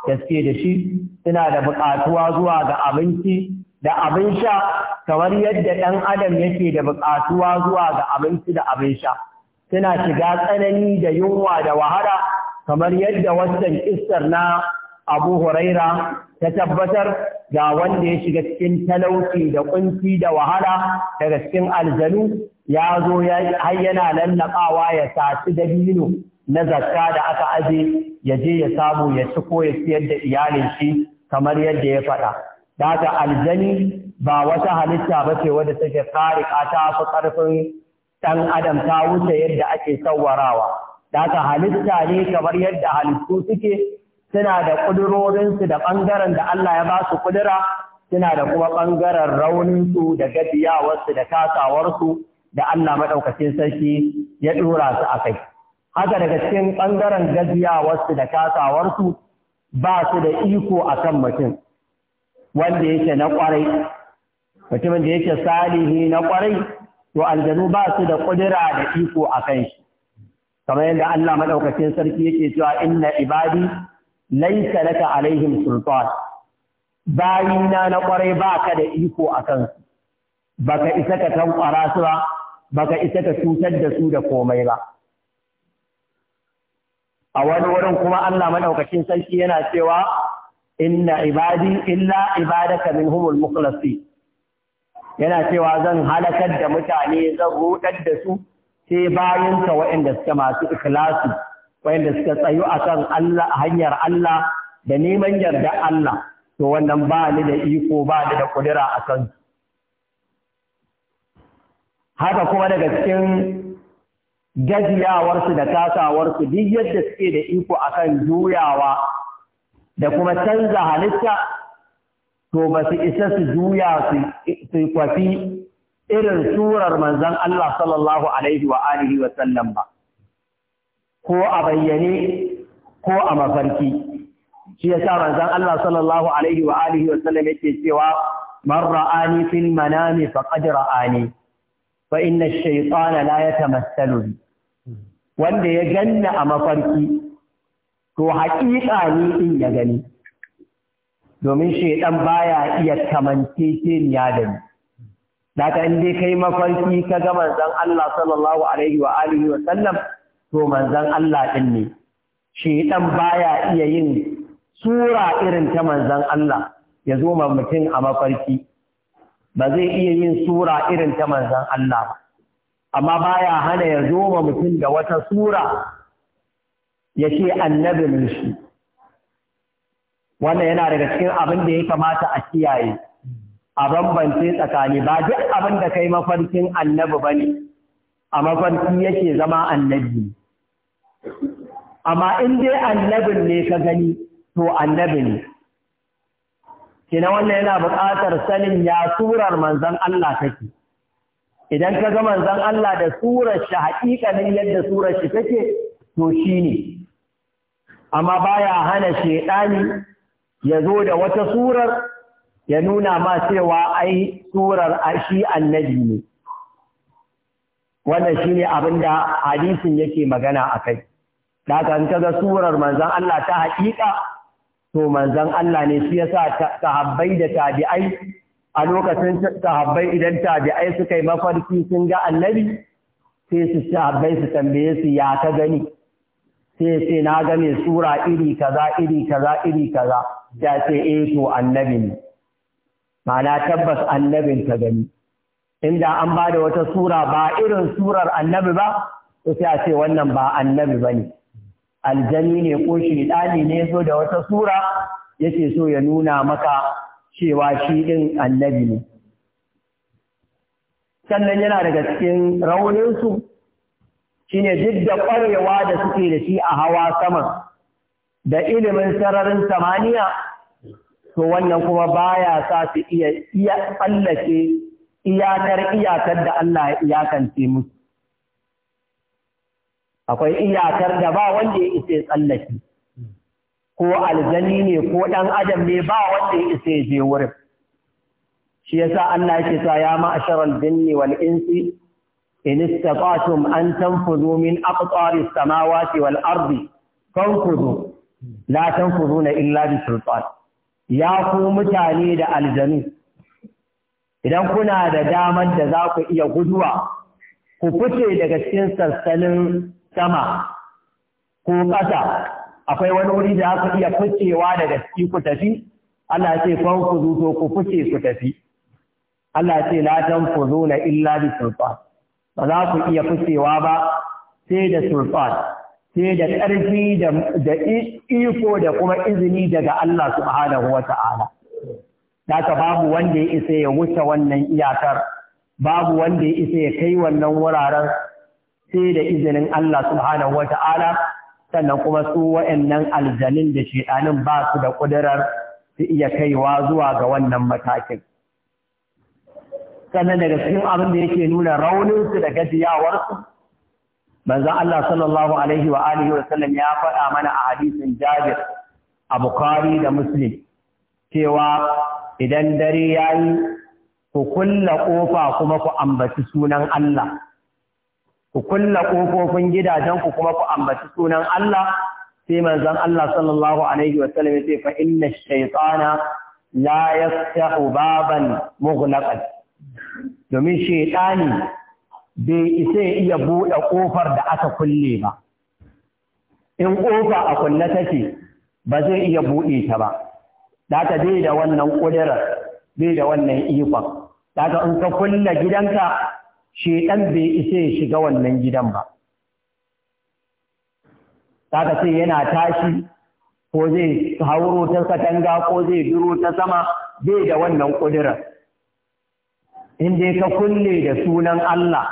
da suke da shi suna da buƙatuwa zuwa ga abinci da abin sha kamar yadda ɗan adam yake da buƙatuwa zuwa ga abinci da abin sha suna shiga tsanani da yunwa da wahala kamar yadda wasan kistar na Abu Huraira ta tabbatar ga wanda ya shiga cikin talauci da kunci da wahala daga cikin aljanu ya zo har yana lallakawa ya saci dabino na zakka da aka aje ya je ya samu ya ci ko ya siyar da iyalin shi kamar yadda ya faɗa. Daga aljani ba wata halitta ba ce wadda take karika ta fi ƙarfin ɗan adam ta wuce yadda ake sawwarawa. Daga halitta ne kamar yadda halittu suke suna da ƙudurorinsu da ɓangaren da Allah ya ba su ƙudura suna da kuma ɓangaren rauninsu da gajiyawarsu da kasawarsu da Allah maɗaukacin sarki ya ɗora su a kai. Haka daga cikin ɓangaren gajiyawarsu da kasawarsu ba su da iko a kan mutum wanda yake na ƙwarai. Mutumin da yake salihi na ƙwarai, to aljanu ba su da ƙudura da iko a kan shi. Kamar yadda Allah maɗaukacin sarki yake cewa inna ibadi laisa laka alaihim sultan bayina na kwarai baka da iko akan su baka isa ka tankwara su ba baka isa ka cutar da su da komai ba a wani wurin kuma Allah madaukakin sarki yana cewa inna ibadi illa ibadaka minhumul mukhlasi yana cewa zan halakar da mutane zan rudar da su sai bayan ka waɗanda suke masu ikhlasi Wanda suka tsayu akan Allah hanyar Allah da neman yarda Allah to wannan ba ni da iko ba ni da kudura kan haka kuma daga cikin gajiyawarsu da tasawarsu duk yadda suke da iko a kan juyawa da kuma canza halitta to ba su isa su juya su kwafi irin surar manzon Allah sallallahu alaihi wa alihi wa sallam ba ko a bayyane ko a mafarki shi ya sa manzon Allah sallallahu alaihi wa alihi wa sallam yake cewa man ra'ani fil manami faqad ra'ani fa inna ash-shaytana la yatamassalu wanda ya ganna a mafarki to haƙiƙa ni din ya gani domin shaidan baya iya kamanceceniya da ni. Daga inda kai mafarki ka ga manzon Allah sallallahu alaihi wa alihi wa sallam to manzan Allah ɗin ne Shi ba baya iya yin sura irin ta manzan Allah ya zo ma mutum a mafarki ba zai iya yin sura irin ta manzan Allah ba amma baya hana ya zo ma mutum da wata sura ya ce annabin shi wannan yana daga cikin abin da ya kamata a kiyaye a bambance tsakani ba duk abin da kai mafarkin annabi ba ne a mafarki yake zama annabi amma in dai annabin ne ka gani to annabi ne kina wannan yana buƙatar sanin ya surar manzon Allah take idan ka ga manzon Allah da surar shi haƙiƙanin yadda surar shi take to shine amma baya hana shedani ya zo da wata surar ya nuna ma cewa ai surar shi annabi ne wannan shine abinda hadisin yake magana a kai. Daga in kaga surar manzan Allah ta haƙiƙa to manzan Allah ne shi yasa tahabbai da tabi'ai a lokacin sahabbai idan tabi'ai suka yi mafarki sun ga annabi sai su tahabbai su tambaye su ya ka gani sai sai na gane sura iri kaza iri kaza iri kaza da ce eh to annabi ne ma'ana tabbas annabin ka gani inda an ba da wata sura ba irin surar annabi ba to sai a ce wannan ba annabi ba ne aljani ne ko shaiɗani ne zo da wata sura yake so ya nuna maka cewa shi din annabi ne. Sannan yana daga cikin rauninsu shi ne duk da ƙwarewa da suke da shi a hawa sama da ilimin sararin samaniya, to wannan kuma baya sa su iya tsallake iyakar iyakar da Allah ya iyakance musu. akwai iyakar da ba wanda ya isa tsallaki ko aljani ne ko ɗan adam ne ba wanda ya isa ya je wurin shi yasa Allah yake sa ya ma'asharal jinni wal insi in istata'tum an tanfudu min aqtaris samawati wal ardi fanfudu la tanfuduna illa bi sultan ya ku mutane da aljanu idan kuna da damar da za ku iya guduwa ku fice daga cikin sassanin sama ko ƙasa akwai wani wuri da aka iya ficewa daga ciki ku tafi Allah ce kwan ku zuto ku fice ku tafi Allah ce la tan na illa bi sulfat. ba za ku iya ficewa ba sai da sulfat. sai da ƙarfi da iko da kuma izini daga Allah subhanahu wa ta'ala Daka babu wanda ya isa ya wuce wannan iyakar, babu wanda ya isa ya kai wannan wuraren sai da izinin Allah subhanahu wata'ala sannan kuma su wa'annan aljanin da shedanin ba su da kudirar su iya kaiwa zuwa ga wannan matakin sannan daga cikin abin da yake nuna raunin da gajiyawarsu. su Allah sallallahu alaihi wa alihi wa ya faɗa mana a hadisin Jabir a Bukhari da Muslim cewa idan dare yayi ku kulla ƙofa kuma ku ambaci sunan Allah ku kulla ƙofofin gidajen ku kuma ku ambaci sunan Allah sai manzon Allah sallallahu alaihi wa sallam yace fa inna shaytana la yaftahu baban mughlaqan domin shaytani bai isa iya buɗe ƙofar da aka kulle ba in ƙofa a kulle take ba zai iya buɗe ta ba Daka bai da wannan ƙudurar, bai da wannan ikon. Daka in ka kulle gidanka shedan bai isa ya shiga wannan gidan ba kaga sai yana tashi ko zai hauro ta katanga ko zai duro ta sama bai da wannan kudira in dai ka kulle da sunan Allah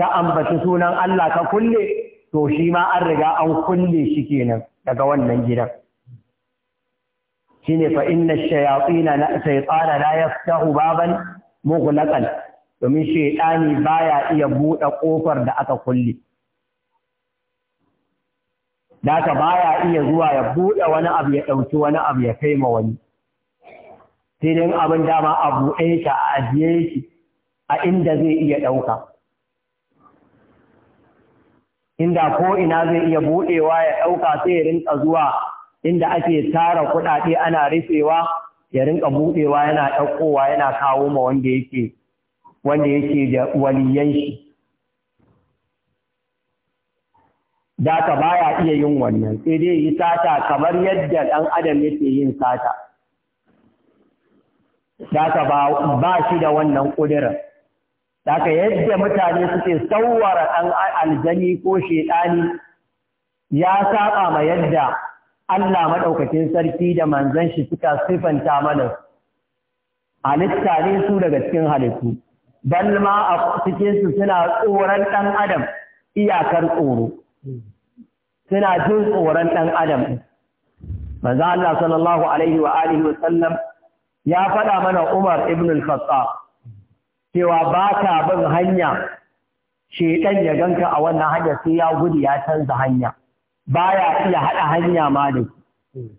ka ambaci sunan Allah ka kulle to shi ma an riga an kulle shi kenan daga wannan gidan shine fa inna ash-shayatin na shaytana la yaftahu baban mughlaqan domin shaidani baya iya buɗe ƙofar da aka kulle Daka baya iya zuwa ya buɗe wani abu ya ɗauki wani abu ya kai ma wani sai abin dama a buɗe shi a ajiye shi a inda zai iya ɗauka inda ko ina zai iya buɗewa ya ɗauka sai ya rinka zuwa inda ake tara kuɗaɗe ana rufewa ya rinka buɗewa yana ɗaukowa yana kawo ma wanda yake wanda yake da waliyan shi da ka baya iya yin wannan sai dai yi sata kamar yadda ɗan adam yake yin sata da ba shi da wannan ƙudurin da yadda mutane suke sauwara ɗan aljani ko shaidani ya saba ma yadda Allah maɗaukacin sarki da manzan shi suka sifanta mana halitta ne su daga cikin halittu bal ma a cikinsu suna tsoron ɗan adam iyakar tsoro suna jin tsoron ɗan adam manzo Allah sallallahu alaihi wa alihi wa sallam ya faɗa mana Umar ibn al-Khattab cewa ba ka bin hanya shedan ya ganka a wannan hanya sai ya gudu ya canza hanya baya iya hada hanya ma da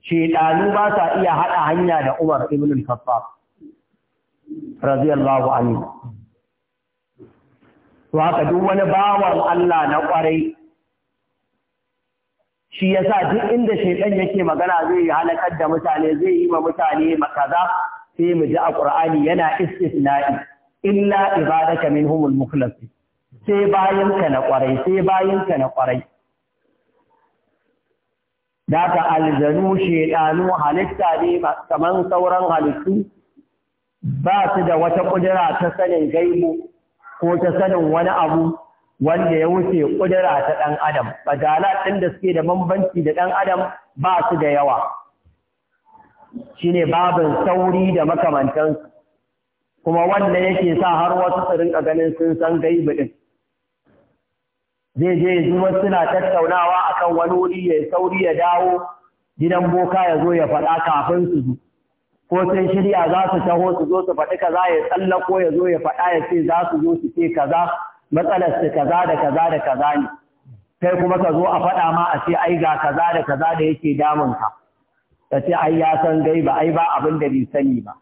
shedanu ba sa iya hada hanya da Umar ibn al-Khattab radiyallahu anhu to haka duk wani bawan Allah na kwarai shi yasa duk inda shaitan yake magana zai halakar da mutane zai yi ma mutane makaza sai mu ji a Qur'ani yana istisna'i illa ibadaka minhumul mukhlasin sai ka na kwarai sai ka na kwarai Daka aljanu shedanu halitta ne kamar sauran halittu ba su da wata ƙudira ta sanin gaibu ko ta sanin wani abu wanda ya wuce ƙudura ta ɗan adam badalat ɗin da suke da bambanci da ɗan adam ba su da yawa shine babin sauri da makamantan kuma wanda yake sa har wasu su rinka ganin sun san gaibi ɗin. zai je ji wasu suna tattaunawa akan wani wuri ya sauri ya dawo gidan boka ya zo ya faɗa kafin su zo ko sun shirya za su taho su zo su faɗi kaza ya tsallako ya zo ya faɗa ya ce za su zo su ce kaza matsalar su kaza da kaza da kaza ne kai kuma ka zo a faɗa ma a ce ai ga kaza da kaza da yake damun ka ka ce ai ya san gai ba ai ba abin da bai sani ba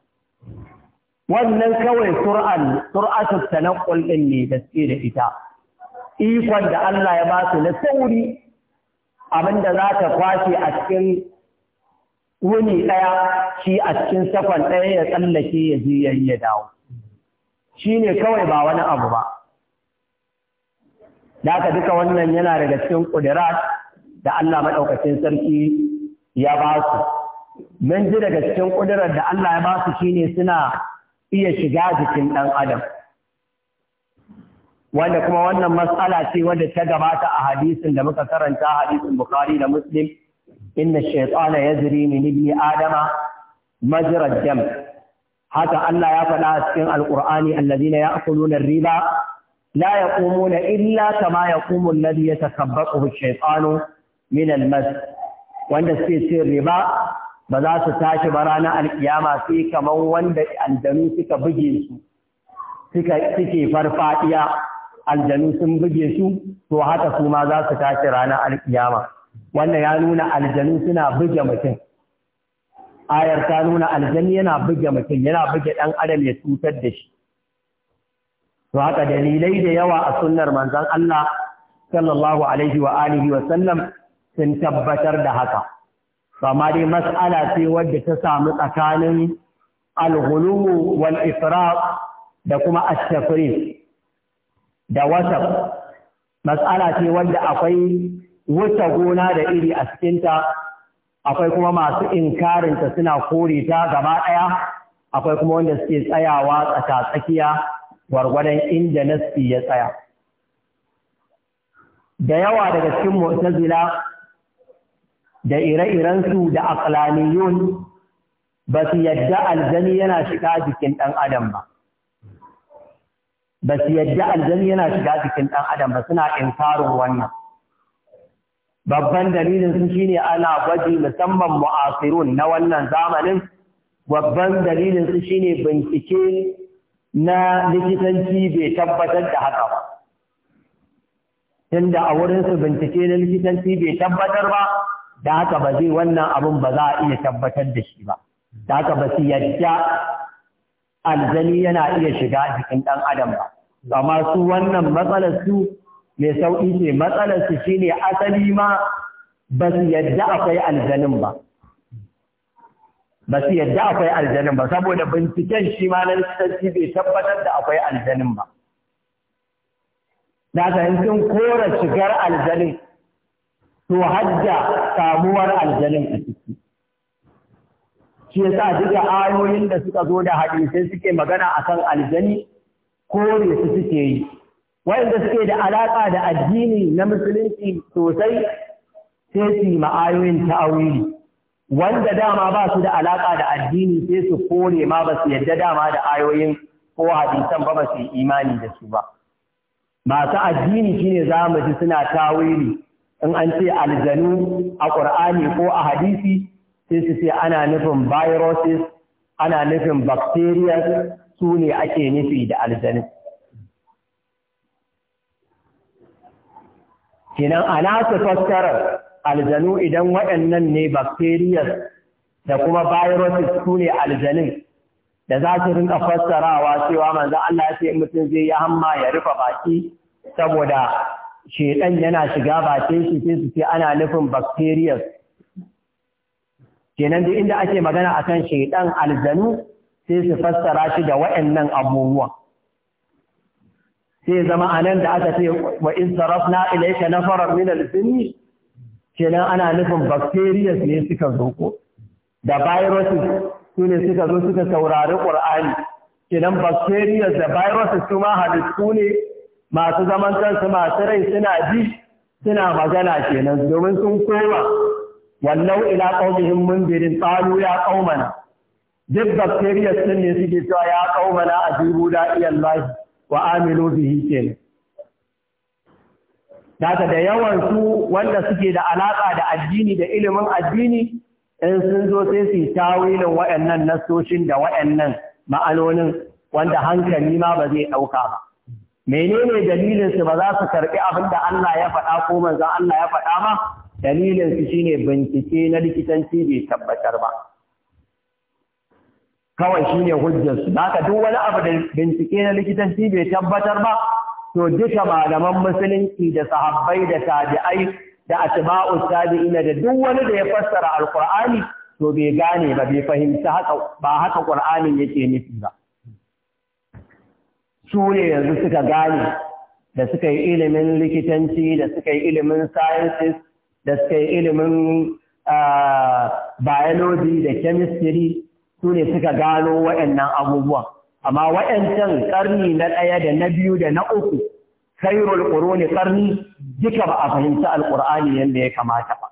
wannan kawai sur'an sur'atu tanqul din ne da da ita ikon da Allah ya ba su na sauri abinda za ka kwashe a cikin wuni ɗaya shi a cikin sakon ɗaya ya tsallake ya je ya ya dawo shi ne kawai ba wani abu ba da aka duka wannan yana daga cikin ƙudirat da Allah maɗaukacin sarki ya ba su mun ji daga cikin ƙudirar da Allah ya ba su shine suna iya shiga jikin ɗan adam wanda kuma wannan matsala ce wadda ta gabata a hadisin da muka karanta hadisin Bukhari da Muslim inna shaytana yajri min ibni adama majra ad-dam haka Allah ya faɗa a cikin alqur'ani alladhina ya'kuluna ar-riba la yaqumuna illa kama yaqumu alladhi yatakabbathu ash-shaytanu min al wanda suke cin riba ba za su tashi ba ranar alkiyama sai kamar wanda aljanu suka buge su suke farfadiya aljanu sun buge su to haka su ma za su tashi ranar alkiyama wannan ya nuna aljanu suna buge mutum ayar ta nuna aljanu yana buge mutum yana buge ɗan adam ya cutar da shi to haka dalilai da yawa a sunnar manzon Allah sallallahu alaihi wa alihi wa sallam sun tabbatar da haka amma dai mas'ala ce wadda ta samu tsakanin al wal israf da kuma ash da wasaf mas'ala ce wadda akwai Wuta gona da iri a cikinta akwai kuma masu inkarinta suna kore ta gaba ɗaya akwai kuma wanda suke tsayawa tsaka tsakiya gwargwadon inda nasi ya tsaya da yawa daga cikin mu'tazila da ire-irensu da aqlaniyun ba su yadda aljani yana shiga jikin ɗan adam ba ba su yadda aljani yana shiga jikin ɗan adam ba suna inkarin wannan babban dalilin su shine ana gwaji musamman mu'asirun na wannan zamanin babban dalilin su shine bincike na likitanci bai tabbatar da haka ba tunda a wurin su bincike na likitanci bai tabbatar ba da haka ba zai wannan abin ba za a iya tabbatar da shi ba da haka ba su yadda aljani yana iya shiga jikin ɗan adam ba amma su wannan matsalar su mai sauƙi ce matsalarsu shine asali ma ba su yadda akwai aljanin ba ba su yadda akwai aljanin ba saboda binciken shi ma na likitanci bai tabbatar da akwai aljanin ba Na ka sun kora shigar aljanin to hajja samuwar aljanin a ciki shi yasa duka ayoyin da suka zo da hadisai suke magana a kan aljani kore su suke yi wanda suke da alaƙa da addini na musulunci sosai sai su yi ma'ayoyin ta'awili wanda dama ba su da alaƙa da addini sai su kore ma ba su yadda dama da ayoyin ko hadisan ba ba su imani da su ba masu addini shine za mu ji suna tawili in an ce aljanu a ƙur'ani ko a hadisi sai su ce ana nufin viruses ana nufin bacteria su ne ake nufi da aljanu kenan ana ta fassara aljanu idan waɗannan ne bacteria da kuma viruses su ne aljanin da za su rinka fassarawa cewa manzo Allah ya ce mutum zai yi hamma ya rufe baki saboda shedan yana shiga bakin shi sai su ce ana nufin bacteria kenan duk inda ake magana akan shedan aljanu sai su fassara shi da waɗannan abubuwan sai zama a nan da aka ce wa in sarafna ilayka nafarar min al-jinni kenan ana nufin bacteria ne suka zo ko da viruses su ne suka zo suka saurari Qur'ani kenan bacteria da viruses su ma halittu ne masu zaman kansu masu rai suna ji suna magana kenan domin sun koma wallau ila qaumihim mundirin qalu ya qaumana duk bacteria sun ne suke cewa ya qaumana ajibu da iyallahi wa amilu bihi kenan daga da yawan su wanda suke da alaka da addini da ilimin addini in sun zo sai su tawilin waɗannan nasoshin da wayannan ma'anonin wanda hankali ma ba zai ɗauka ba menene dalilin su ba za su karɓi abin da Allah ya faɗa ko manzo Allah ya faɗa ba dalilin su shine bincike na likitanci bai tabbatar ba kawai shi ne hujjarsu da haka duk wani abu da bincike na likitanci bai tabbatar ba to duka malaman musulunci da sahabbai da tabi'ai da atba'u tabi'ina da duk wani da ya fassara alqur'ani to bai gane ba bai fahimta haka ba haka qur'anin yake nufi ba su ne yanzu suka gane da suka yi ilimin likitanci da suka yi ilimin sciences da suka yi ilimin ah, biology da chemistry su ne suka gano waɗannan abubuwan amma waɗancan ƙarni na ɗaya da na biyu da na uku khairul ne ƙarni duka ba a fahimci Alƙur'ani yadda ya kamata ba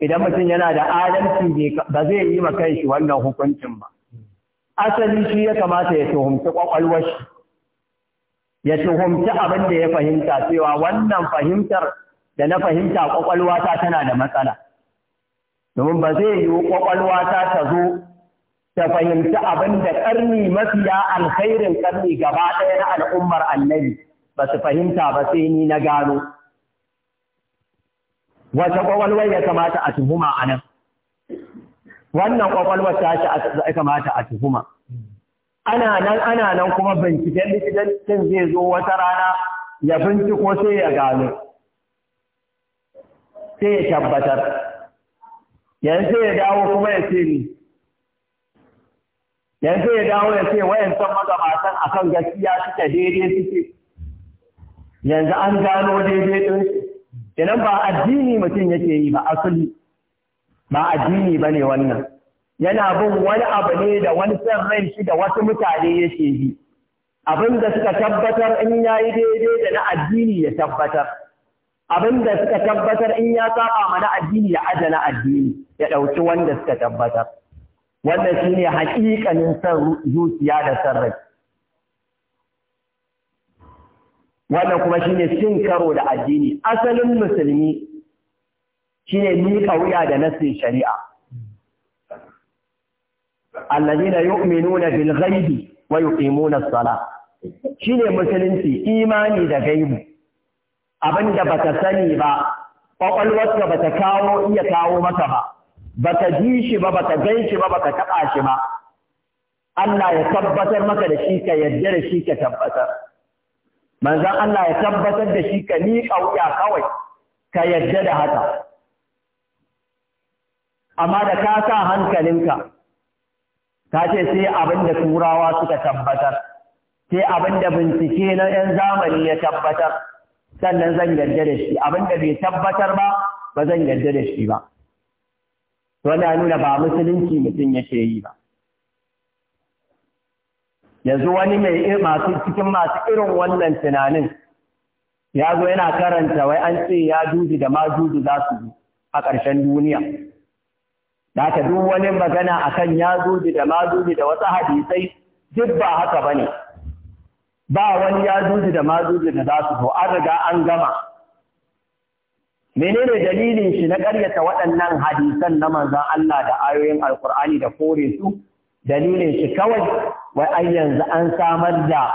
idan mutum yana da adalci ba zai yi ma kanshi wannan hukuncin ba asali shi ya kamata ya tuhumci kwakwalwar ya tuhumci abin da ya fahimta cewa wannan fahimtar da na fahimta ƙwaƙwalwata tana da matsala domin ba zai yiwu kwakwalwa ta ta zo ta fahimci abin da ƙarni mafiya alkhairin ƙarni gaba ɗaya na al'ummar annabi ba su fahimta ba sai ni na gano. Wace ƙwaƙwalwar ya kamata a tuhuma a nan? Wannan kwakwalwar ta ce kamata a tuhuma. Ana nan ana nan kuma binciken likitancin zai zo wata rana ya binciko sai ya gano. Sai ya tabbatar. yanzu ya dawo kuma ya ce ni yanzu ya dawo ya ce san magabatan kan gaskiya suke daidai suke yanzu an gano daidai ɗin idan ba addini mutum yake yi ba asali ba addini ba ne wannan yana bin wani abu ne da wani san rai shi da wasu mutane yake yi abin da suka tabbatar in yayi daidai da na addini ya tabbatar abin da suka tabbatar in ya saba mana addini ya na addini ya ɗauki wanda suka tabbatar wanda shi ne haƙiƙanin san zuciya da san rai wannan kuma shi ne cin karo da addini asalin musulmi shi ne miƙa wuya da nasin shari'a allazina yu'minuna bil ghaibi wa yuqimuna as-salah shine musulunci imani da gaibu abin da ta sani ba ƙwaƙwalwarka ta kawo iya kawo maka ba ta ji shi ba ta gan shi ba bata taɓa shi ba Allah ya tabbatar maka da shi ka yarda da shi ka tabbatar Manzan Allah ya tabbatar da shi ka ni wuya kawai ka yarda da haka amma da ka sa hankalinka ka ce sai abin da turawa suka tabbatar sai abin da bincike na 'yan zamani ya tabbatar sannan zan yarda da shi abin da bai tabbatar ba ba zan yarda da shi ba wanda nuna ba musulunci mutum yake yi ba yanzu wani mai masu cikin masu irin wannan tunanin ya zo yana karanta wai an ce ya dudu da ma dudu za su a ƙarshen duniya da duk wani magana akan ya dudu da ma dudu da wasu hadisai duk ba haka bane ba wani ya juji da ma juji da za su zo an riga an gama menene dalilin shi na ƙaryata waɗannan hadisan na manzan Allah da ayoyin alkur'ani da kore su dalilin shi kawai wai an yanzu an samar da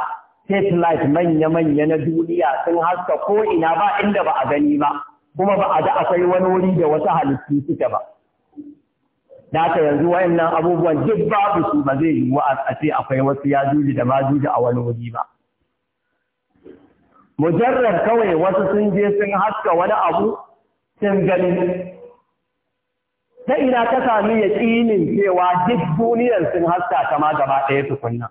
satellite manya-manya na duniya sun haska ko ina ba inda ba a gani ba kuma ba a ga akwai wani wuri da wasu halittu suke ba da haka yanzu wayannan abubuwan duk babu su ba zai yiwu a ce akwai wasu ya juji da ma juji a wani wuri ba mujarrar kawai wasu sun je sun haska wani abu sun gani ta ina ka sami ya ƙinin cewa duk duniyar sun haska kama gaba ɗaya tukunna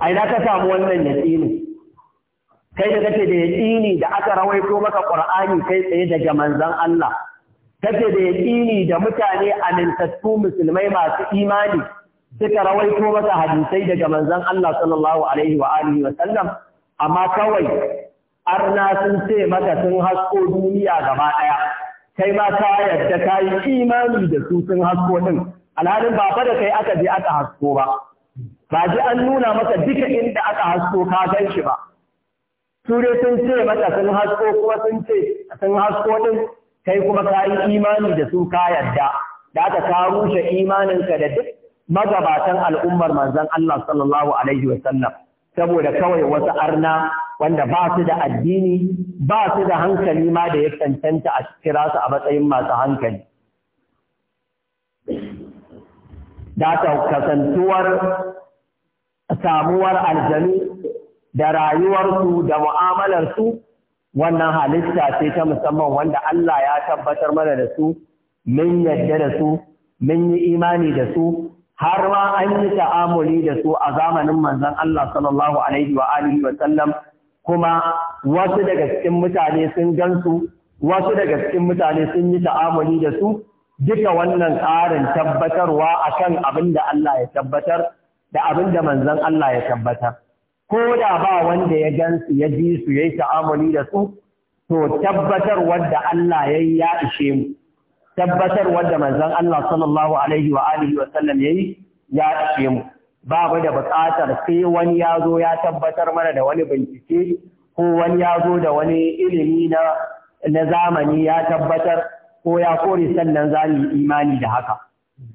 a ina ka samu wannan ya ƙinin kai da kake da ya ƙini da aka rawaito maka ƙur'ani kai tsaye daga manzon Allah kake da ya ƙini da mutane amintattu musulmai masu imani suka rawaito maka hadisai daga manzon Allah sallallahu alaihi wa wa sallam amma kawai arna sun ce maka sun hasko duniya gaba ɗaya kai ma ka yadda ka yi imani da su sun hasko ɗin alhalin ba fa da kai aka je aka hasko ba ba ji an nuna maka duka inda aka hasko ka gan shi ba Ture sun ce maka sun hasko kuma sun ce sun hasko ɗin kai kuma ka yi imani da su ka yadda da aka ka rushe imaninka da duk magabatan al'ummar manzon Allah sallallahu alaihi wa saboda kawai wasu arna wanda ba su da addini ba su da hankali ma da ya cancanta a kira su a matsayin masu hankali. Da kasantuwar samuwar aljanu da rayuwarsu da mu'amalarsu wannan halitta ce ta musamman wanda Allah ya tabbatar mana da su, mun yadda da su, mun yi imani da su, har ma an yi ta'amuli da su a zamanin manzon Allah sallallahu alaihi wa alihi wa sallam kuma wasu daga cikin mutane sun gansu wasu daga cikin mutane sun yi ta'amuli da su duka wannan ƙarin tabbatarwa akan abinda da Allah ya tabbatar da abinda da manzon Allah ya tabbatar ko da ba wanda ya gansu ya ji su yayi ta'amuli da su to tabbatar wanda Allah ya yi ya ishe mu tabbatar wanda manzon Allah sallallahu alaihi wa alihi wa sallam yayi ya ce mu ba da buƙatar sai wani ya zo ya tabbatar mana da wani bincike ko wani ya zo da wani ilimi na na zamani ya tabbatar ko ya kore sannan za mu imani da haka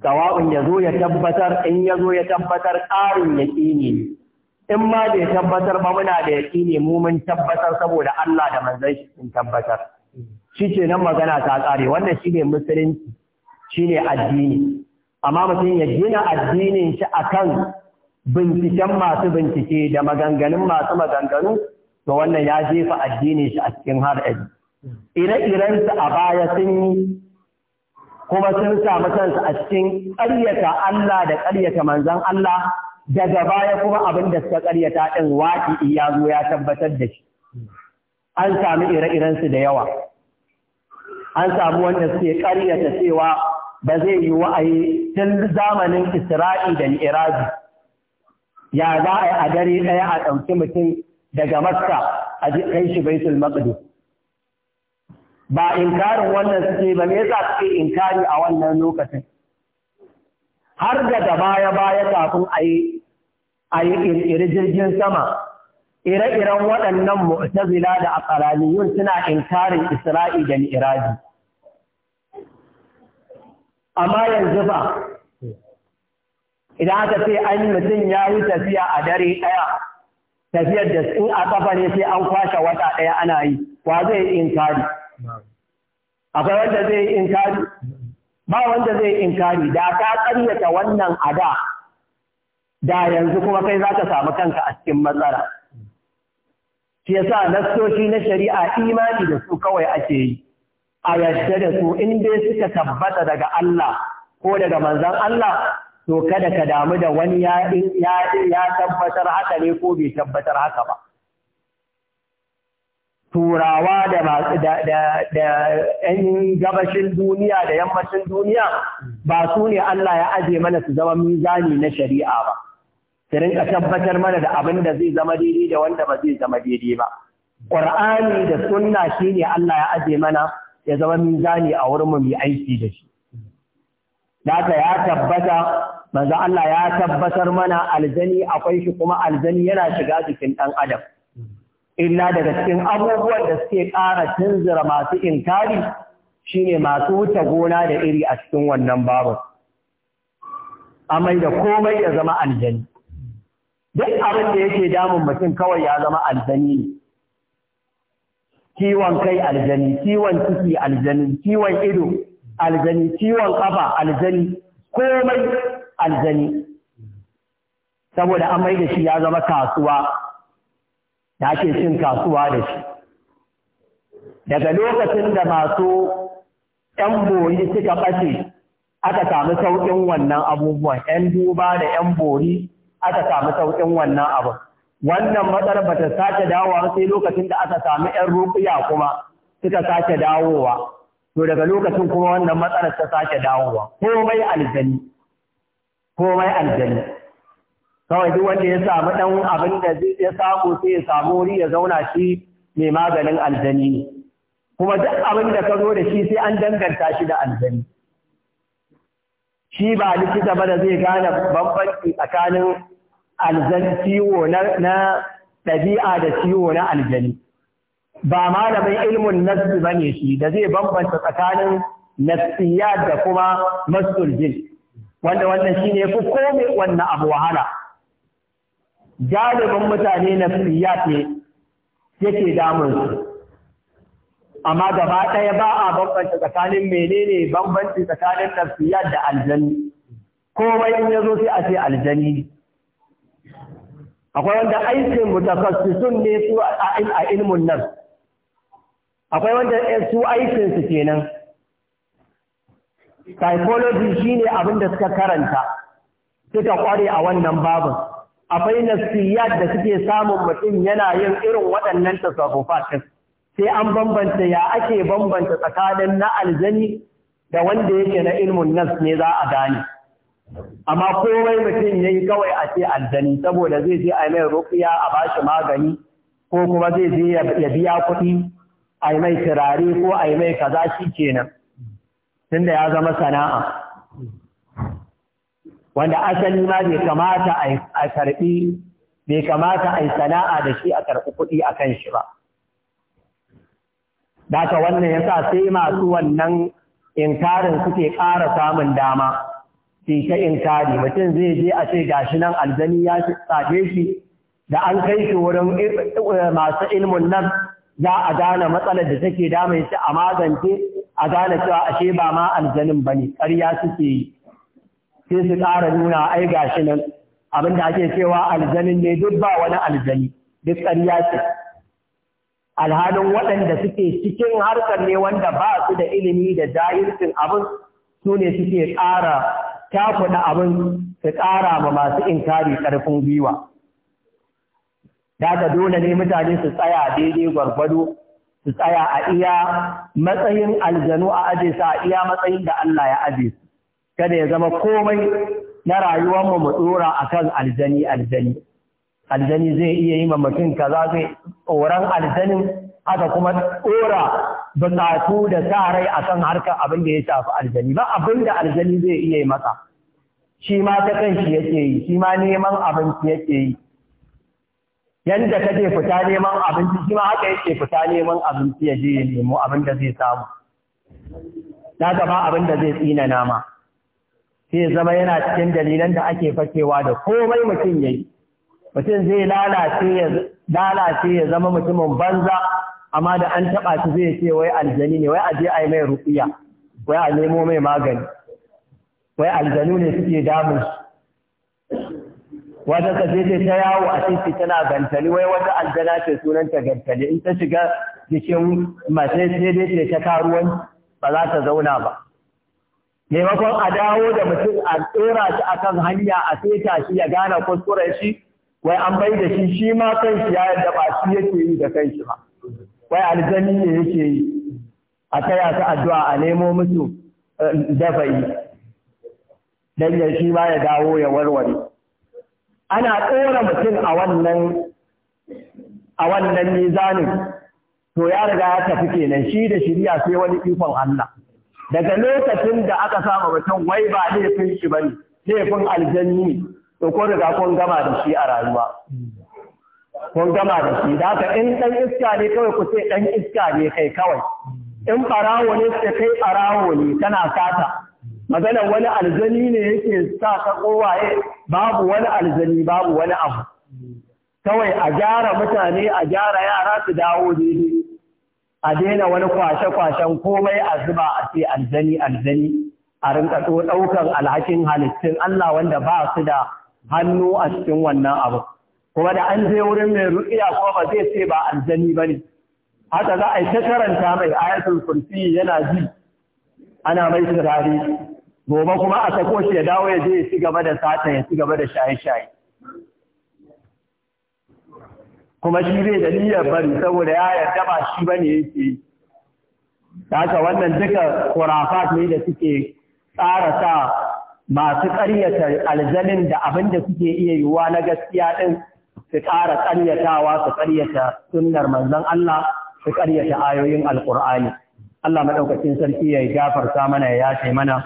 gawa'un ya zo ya tabbatar in ya zo ya tabbatar ƙarin yaƙini ne in ma bai tabbatar ba muna da yaƙini mu mun tabbatar saboda Allah da manzon shi sun tabbatar shi ce nan magana ta tsare wannan shi ne musulunci shi ne addini amma mutum ya gina addinin shi a kan binciken masu bincike da maganganun masu maganganu to wannan ya jefa addinin shi a cikin har ɗari ire-irensu a baya sun yi kuma sun samu kansu a cikin ƙaryata Allah da ƙaryata manzon Allah daga baya kuma abin da suka ƙaryata ɗin waƙi ya zo ya tabbatar da shi an sami ire-irensu da yawa an samu wanda suke ƙaryata cewa ba zai yi wa'ayi tun zamanin Isra'i da Iraji. Ya za a yi a dare ɗaya a ɗauki mutum daga Makka a kai shi Baitul Maqdis. Ba inkarin wannan suke ba me yasa suke inkari a wannan lokacin. Har daga baya-baya kafin a yi a yi jirgin sama ire-iren waɗannan mu'tazila da aqraniyun suna inkarin Isra'i da Mi'raji amma yanzu ba idan aka ce an mutum ya yi tafiya a dare ɗaya tafiyar da in a kafa ne sai an kwashe wata ɗaya ana yi wa zai inkari akwai wanda zai inkari ba wanda zai inkari da ka karyata wannan ada da yanzu kuma kai za ka samu kanka a cikin matsala Ke sa nassoshi na shari'a imani da su kawai ake yi a yadda da su in dai suka tabbata daga Allah ko daga manzan Allah to kada ka damu da wani ya ya tabbatar haka ne ko bai tabbatar haka ba turawa da ‘yan gabashin duniya da yammacin duniya ba su ne Allah ya aje mana su zama mizani na shari'a ba. ki rinka tabbatar mana da abin da zai zama daidai da wanda ba zai zama daidai ba Ƙur'ani da sunna shi ne Allah ya aje mana ya zama mizani a wurin mu mai aiki da shi Daka ya tabbata manzo Allah ya tabbatar mana aljani akwai shi kuma aljani yana shiga jikin ɗan adam illa daga cikin abubuwan da suke ƙara tunzura masu inkari shine masu wuta gona da iri a cikin wannan babu amai da komai ya zama aljani duk abin da yake damun mutum kawai ya zama aljani ne ciwon kai aljani ciwon ciki aljani ciwon ido aljani ciwon kafa aljani komai aljani saboda an mai da shi ya zama kasuwa da ke cin kasuwa da shi daga lokacin da masu ‘yan bori suka ɓace aka samu sauƙin wannan abubuwan ‘yan duba da ‘yan bori aka samu sauƙin wannan abu wannan matsalar ba ta sake dawowa sai lokacin da aka samu 'yan rukuya kuma suka sake dawowa to daga lokacin kuma wannan matsalar ta sake dawowa komai aljani komai aljani kawai duk wanda ya samu ɗan abin da ya samu sai ya samu wuri ya zauna shi mai maganin aljani ne kuma duk abin da ka zo da shi sai an danganta shi da aljani shi ba likita ba da zai gane bambanci tsakanin aljan ciwo na ɗabi'a da ciwo na aljani ba malamin ilmin nasi ba ne shi da zai bambanta tsakanin nasiya da kuma masul jin wanda wannan shi ne fi komai wannan abu wahala galibin mutane nassiyat ne yake damun su amma gaba ɗaya ba a bambanta tsakanin menene bambanci tsakanin nasiya da aljani komai in ya zo sai a ce aljani akwai wanda aikin mutakassisun ne su a ilmun nan akwai wanda eh, su aikin su kenan psychology shine abin da suka karanta suka kware a wannan babin akwai nasiyat da suke samun mutum yana yin irin waɗannan tasarrufatin sai an bambanta ya ake bambanta tsakanin na aljani da wanda yake na ilmun nas ne za a gane amma komai mutum yayi kawai a ce aljani saboda zai je a mai rukiya a bashi magani ko kuma zai je ya biya kuɗi a mai turare ko a mai kaza shi kenan tunda ya zama sana'a wanda asali ma bai kamata a karɓi bai kamata a yi sana'a da shi a karɓi kuɗi a kan shi ba. Daka wannan ya sa sai masu wannan inkarin suke ƙara samun dama. ke ta inkari mutum zai je a ce gashi nan aljani ya tsage shi da an kai shi wurin eh, masu ilmin nan za a gane matsalar da take damun shi a magance a gane cewa ashe ba ma aljanin ba ne ƙarya suke yi sai su ƙara nuna ai gashi nan abin da ake cewa aljanin ne duk ba wani aljani duk ƙarya ce alhalin waɗanda suke cikin harkar ne wanda ba su da ilimi da jahilcin abin su ne suke ƙara ta kuɗa abin su ƙara ma masu inkari ƙarfin gwiwa. Daga dole ne mutane su tsaya daidai gwargwado, su tsaya a iya matsayin aljanu a aje su a iya matsayin da Allah ya aje su. Kada ya zama komai na rayuwarmu mu ɗora a kan aljani aljani. Aljani zai iya yi ma mutum kaza zai tsoron aljanin aka kuma ɗora buƙatu da sa rai a kan harkar abin da ya shafi aljani ba abin da aljani zai iya yi maka. shi ma ta kan shi yake yi shi ma neman abinci yake yi Yadda ka je fita neman abinci shi ma haka yake fita neman abinci ya je ya nemo abin da zai samu na gaba abin da zai tsina nama sai zama yana cikin dalilan da ake fakewa da komai mutum ya yi mutum zai lalace ya zama mutumin banza amma da an taɓa shi zai ce wai aljani ne wai a je a mai ruƙiya wai a nemo mai magani wai aljanu ne suke damun shi wata ka je ta yawo a titi tana gantali wai wata aljana ce sunanta gantali in ta shiga jikin mace sai dai ce ta karuwan ba za ta zauna ba maimakon a dawo da mutum a tsora shi akan hanya a seta shi ya gane kuskuren shi wai an bai da shi shi ma shi ya yadda ba shi yake yi da kanshi ba wai aljani ne yake yi a taya su addu'a a nemo musu eh, dafa'i dan ya shi ma ya dawo ya warware ana tsora mutum a wannan a wannan mizanin to ya riga ya tafi kenan shi da shirya sai wani ikon Allah daga lokacin da aka saba mutum wai ba laifin shi bane laifin aljanni to ko daga kun gama da shi a rayuwa kun gama da shi da haka in dan iska ne kawai ku sai dan iska ne kai kawai in barawo ne sai kai barawo ne kana sata maganar wani aljani ne yake sa ka kowaye babu wani aljani babu wani abu kawai a gyara mutane a gyara yara su dawo daidai a daina wani kwashe-kwashen komai a zuba a ce aljani aljani a rinka ɗaukan alhakin halittun Allah wanda ba su da hannu a cikin wannan abu kuma da an je wurin mai ru'iya kuma ba zai ce ba aljani ba ne haka za a yi ta karanta mai ayatul kursi yana ji ana mai turare gobe kuma a sako shi ya dawo ya je ya ci gaba da sata ya ci gaba da shaye-shaye kuma shi zai da niyyar bari saboda ya yarda ba shi ba ne yake haka wannan duka kurafat ne da suke tsara sa masu ƙaryata aljanin da abin da suke iya yiwuwa na gaskiya ɗin su ƙara ƙaryatawa su ƙaryata sunnar manzon Allah su ƙaryata ayoyin alƙur'ani Allah maɗaukacin sarki ya yi gafarta mana ya yace mana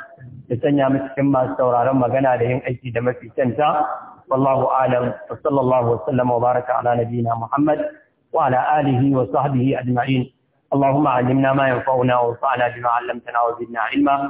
ya sanya mu cikin masu sauraron magana da yin aiki da mafi kyanta wallahu alam wa sallallahu wa sallama wa baraka ala nabiyina Muhammad wa ala alihi wa sahbihi ajma'in اللهم علمنا ما ينفعنا وانفعنا بما علمتنا وزدنا علما